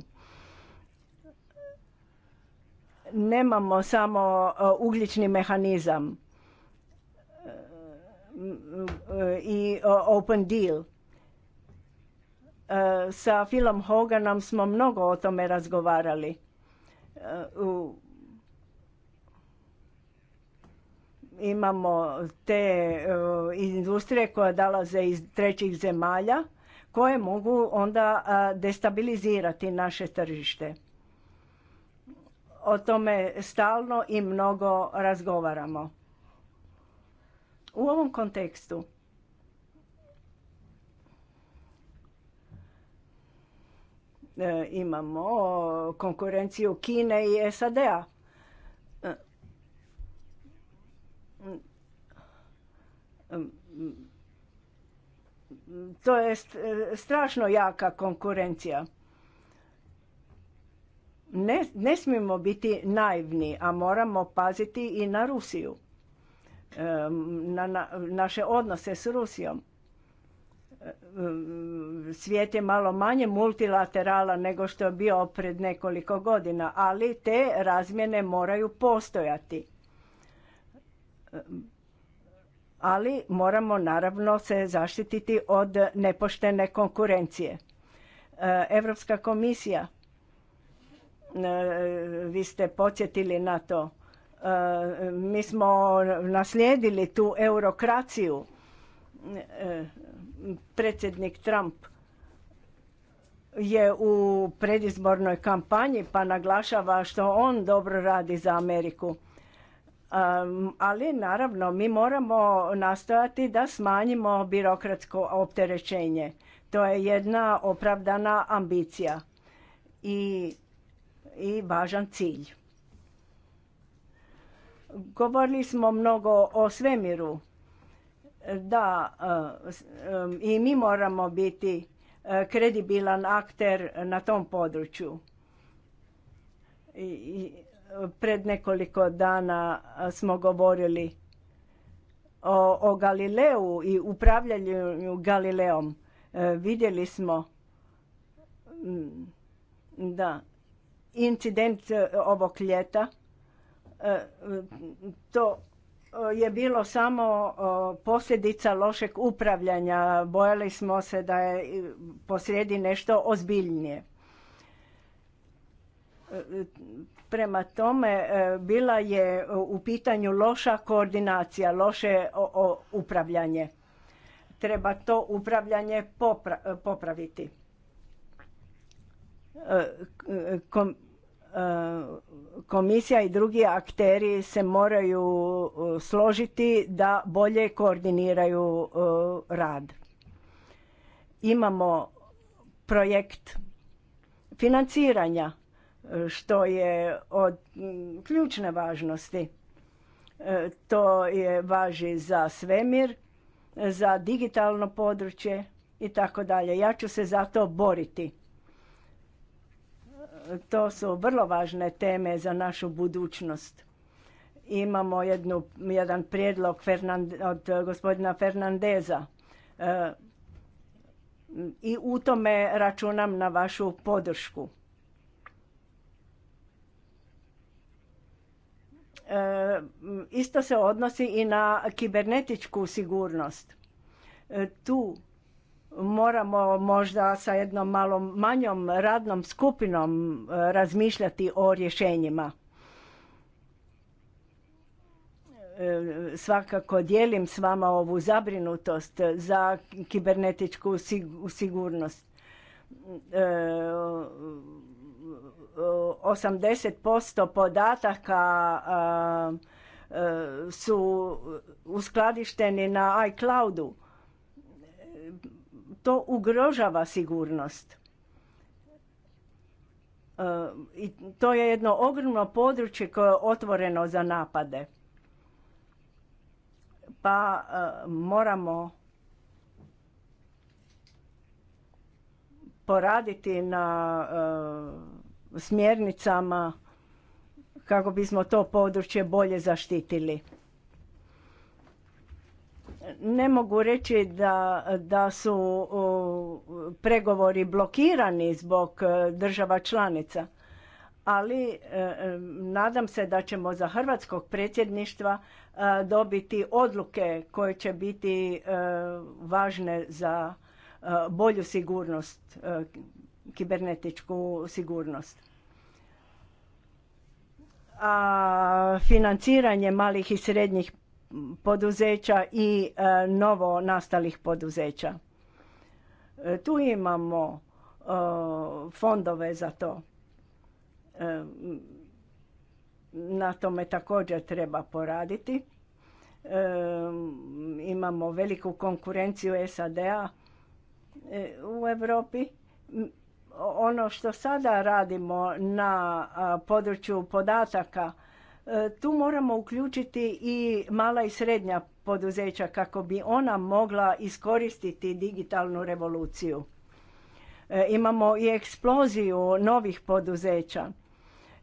nemamo samo e, ugljični mehanizam e, i e, open deal. Sa Philom Hoganom smo mnogo o tome razgovarali. Imamo te industrije koje dolaze iz trećih zemalja koje mogu onda destabilizirati naše tržište o tome stalno i mnogo razgovaramo. U ovom kontekstu imamo konkurenciju Kine i SAD-a. To je strašno jaka konkurencija. Ne, smijemo biti naivni, a moramo paziti i na Rusiju, na, naše odnose s Rusijom. Svijet je malo manje multilaterala nego što je bio pred nekoliko godina, ali te razmjene moraju postojati. Ali moramo naravno se zaštititi od nepoštene konkurencije. Europska komisija E, vi ste podsjetili na to. E, mi smo naslijedili tu eurokraciju. E, predsjednik Trump je u predizbornoj kampanji pa naglašava što on dobro radi za Ameriku. Ali naravno mi moramo nastojati da smanjimo birokratsko opterećenje. To je jedna opravdana ambicija. I i važan cilj. Govorili smo mnogo o svemiru. Da, e, i mi moramo biti e, kredibilan akter na tom području. pred nekoliko dana smo govorili o, o Galileu i upravljanju Galileom. E, vidjeli smo da incident e, ovog ljeta. E, to e, je bilo samo posljedica lošeg upravljanja. Bojali smo se da je posrijedi nešto ozbiljnije. Prema tome bila je u pitanju loša koordinacija, loše upravljanje. Treba to upravljanje popraviti. E, kom, e, komisija i drugi akteri se moraju e, složiti da bolje koordiniraju rad. Imamo projekt financiranja što je od ključne važnosti. To je važi za svemir, za digitalno područje i tako dalje. Ja ću se za to boriti to su vrlo važne teme za našu budućnost. Imamo jednu, jedan prijedlog od gospodina Fernandeza e, i u tome računam na vašu podršku. E, isto se odnosi i na kibernetičku sigurnost. E, tu moramo možda sa jednom malom manjom radnom skupinom e, razmišljati o rješenjima. E, svakako dijelim s vama ovu zabrinutost za kibernetičku sigurnost. 80% e, podataka su uskladišteni na iCloudu to ugrožava sigurnost. E, I to je jedno ogromno područje koje je otvoreno za napade. Pa e, moramo poraditi na e, smjernicama kako bismo to područje bolje zaštitili ne mogu reći da, da su pregovori blokirani zbog e, država članica, ali e, e, nadam se da ćemo za hrvatskog predsjedništva dobiti odluke koje će biti važne za bolju sigurnost, kibernetičku sigurnost a financiranje malih i srednjih poduzeća i e, novo nastalih poduzeća. E, tu imamo e, fondove za to. Na tome također treba poraditi. Imamo veliku konkurenciju SAD-a u Europi. Ono što sada radimo na području podataka E, tu moramo uključiti i mala i srednja poduzeća kako bi ona mogla iskoristiti digitalnu revoluciju. E, imamo i eksploziju novih poduzeća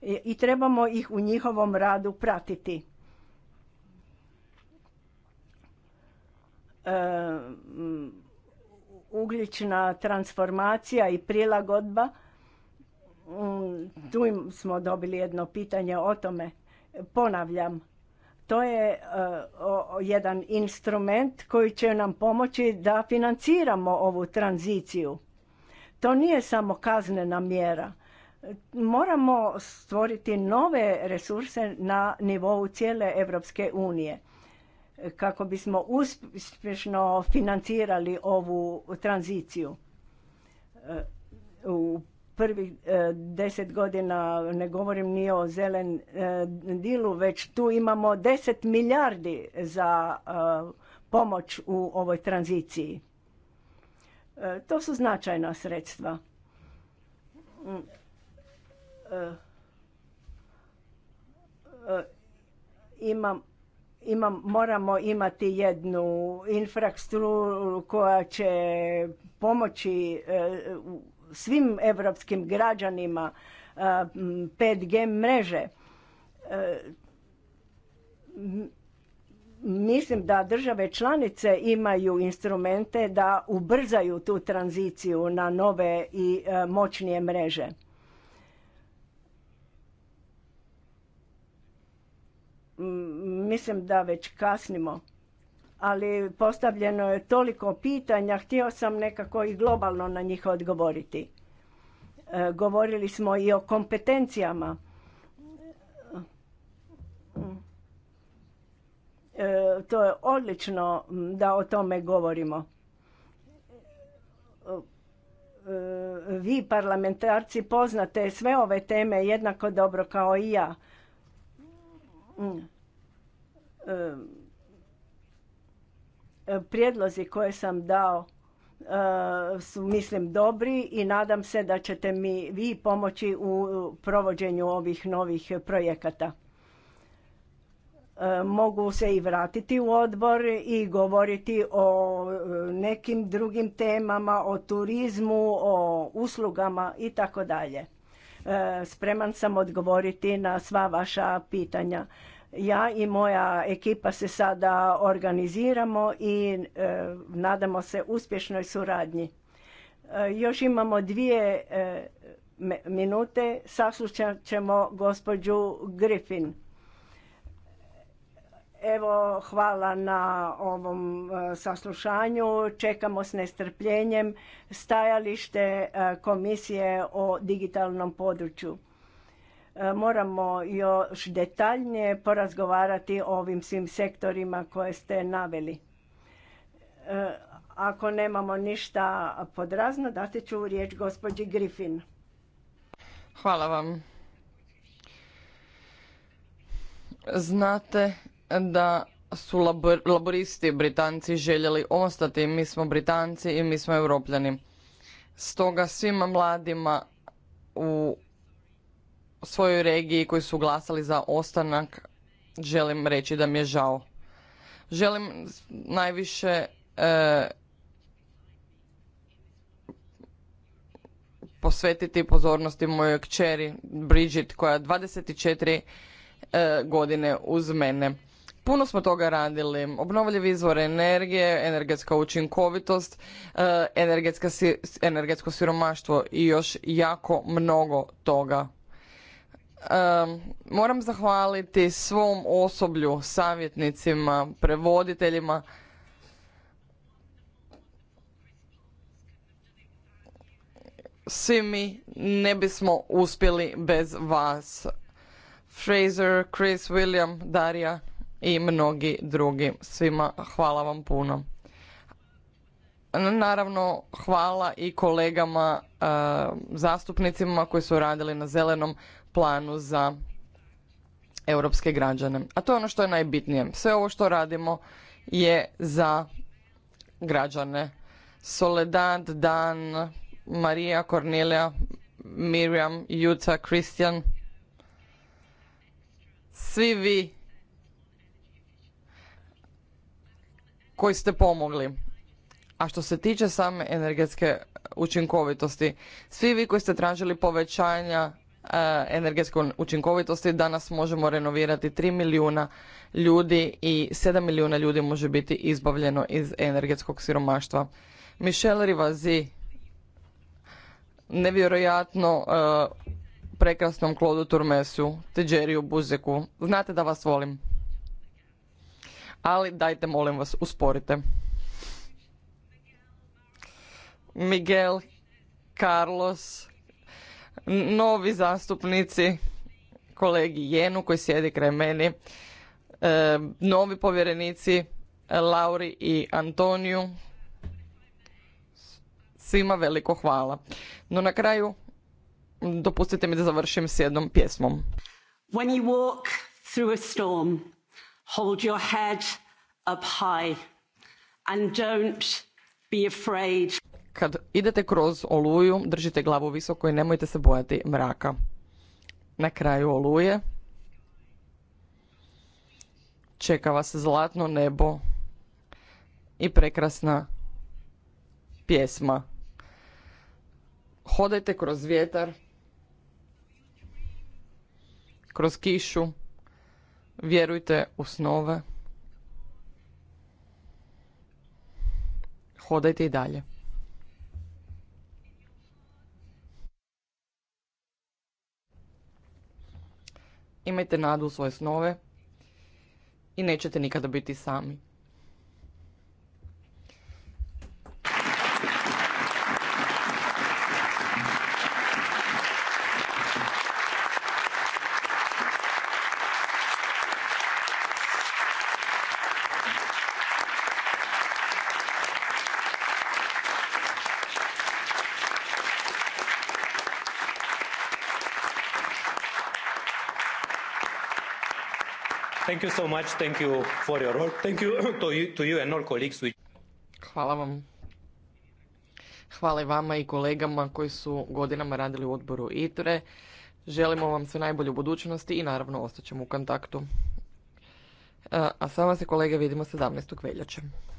i trebamo ih u njihovom radu pratiti. E, ugljična transformacija i prilagodba. Tu smo dobili jedno pitanje o tome Ponavljam, to je e, jedan instrument koji će nam pomoći da financiramo ovu tranziciju. To nije samo kaznena mjera. Moramo stvoriti nove resurse na nivou cijele Europske unije kako bismo uspješno financirali ovu tranziciju. E, u prvih e, deset godina, ne govorim ni o zelen e, dilu, već tu imamo deset milijardi za e, pomoć u ovoj tranziciji. To su značajna sredstva. Mm. Imam, moramo imati jednu infrastrukturu koja će pomoći svim europskim građanima 5G e, mreže. E, mislim da države članice imaju instrumente da ubrzaju tu tranziciju na nove i e, moćnije mreže. Mislim da već kasnimo ali postavljeno je toliko pitanja, htio sam nekako i globalno na njih odgovoriti. E, govorili smo i o kompetencijama. E, to je odlično da o tome govorimo. E, vi parlamentarci poznate sve ove teme jednako dobro kao i ja mm. E, prijedlozi koje sam dao e, su mislim dobri i nadam se da ćete mi vi pomoći u provođenju ovih novih projekata. E, mogu se i vratiti u odbor i govoriti o nekim drugim temama, o turizmu, o uslugama i tako dalje. Spreman sam odgovoriti na sva vaša pitanja. Ja i moja ekipa se sada organiziramo i e, nadamo se uspješnoj suradnji. E, još imamo dvije e, minute, saslušat ćemo gospođu Griffin. Evo, hvala na ovom saslušanju. Čekamo s nestrpljenjem stajalište komisije o digitalnom području. E, moramo još detaljnije porazgovarati o ovim svim sektorima koje ste naveli. E, ako nemamo ništa podrazno, dati ću riječ gospođi Griffin. Hvala vam. Znate da su laboristi Britanci željeli ostati. Mi smo Britanci i mi smo Europljani. Stoga svima mladima u svojoj regiji koji su glasali za ostanak želim reći da mi je žao. Želim najviše e, posvetiti pozornosti mojoj kćeri Bridget koja 24 e, godine uz mene. Puno smo toga radili. Obnovljivi izvor energije, energetska učinkovitost, e, energetsko siromaštvo i još jako mnogo toga moram zahvaliti svom osoblju, savjetnicima, prevoditeljima. Svi mi ne bismo uspjeli bez vas. Fraser, Chris, William, Darija i mnogi drugi. Svima hvala vam puno. Naravno, hvala i kolegama, zastupnicima koji su radili na zelenom planu za europske građane. A to je ono što je najbitnije. Sve ovo što radimo je za građane. Soledad, Dan, Marija, Cornelia, Miriam, Juta, Christian. Svi vi koji ste pomogli. A što se tiče same energetske učinkovitosti, svi vi koji ste tražili povećanja E, energetskom učinkovitosti danas možemo renovirati 3 milijuna ljudi i 7 milijuna ljudi može biti izbavljeno iz energetskog siromaštva. Michel Rivazi nevjerojatno e, prekrasnom Klodu Turmesu, Teđeriju Buzeku. Znate da vas volim. Ali dajte, molim vas, usporite. Miguel, Carlos, novi zastupnici, kolegi Jenu koji sjedi kraj meni, e, novi povjerenici e, Lauri i Antoniju. Svima veliko hvala. No na kraju dopustite mi da završim s jednom pjesmom. When you walk through a storm, hold your head up high and don't be afraid kad idete kroz oluju, držite glavu visoko i nemojte se bojati mraka. Na kraju oluje čeka vas zlatno nebo i prekrasna pjesma. Hodajte kroz vjetar, kroz kišu, vjerujte u snove. Hodajte i dalje. imajte nadu u svoje snove i nećete nikada biti sami. Thank you so much. Thank you for your work. Thank you to you, to you and all colleagues. Hvala vam. Hvala i vama i kolegama koji su godinama radili u odboru ITRE. Želimo vam sve najbolje u budućnosti i naravno ostaćemo u kontaktu. E, a vama se kolege vidimo 17. veljače.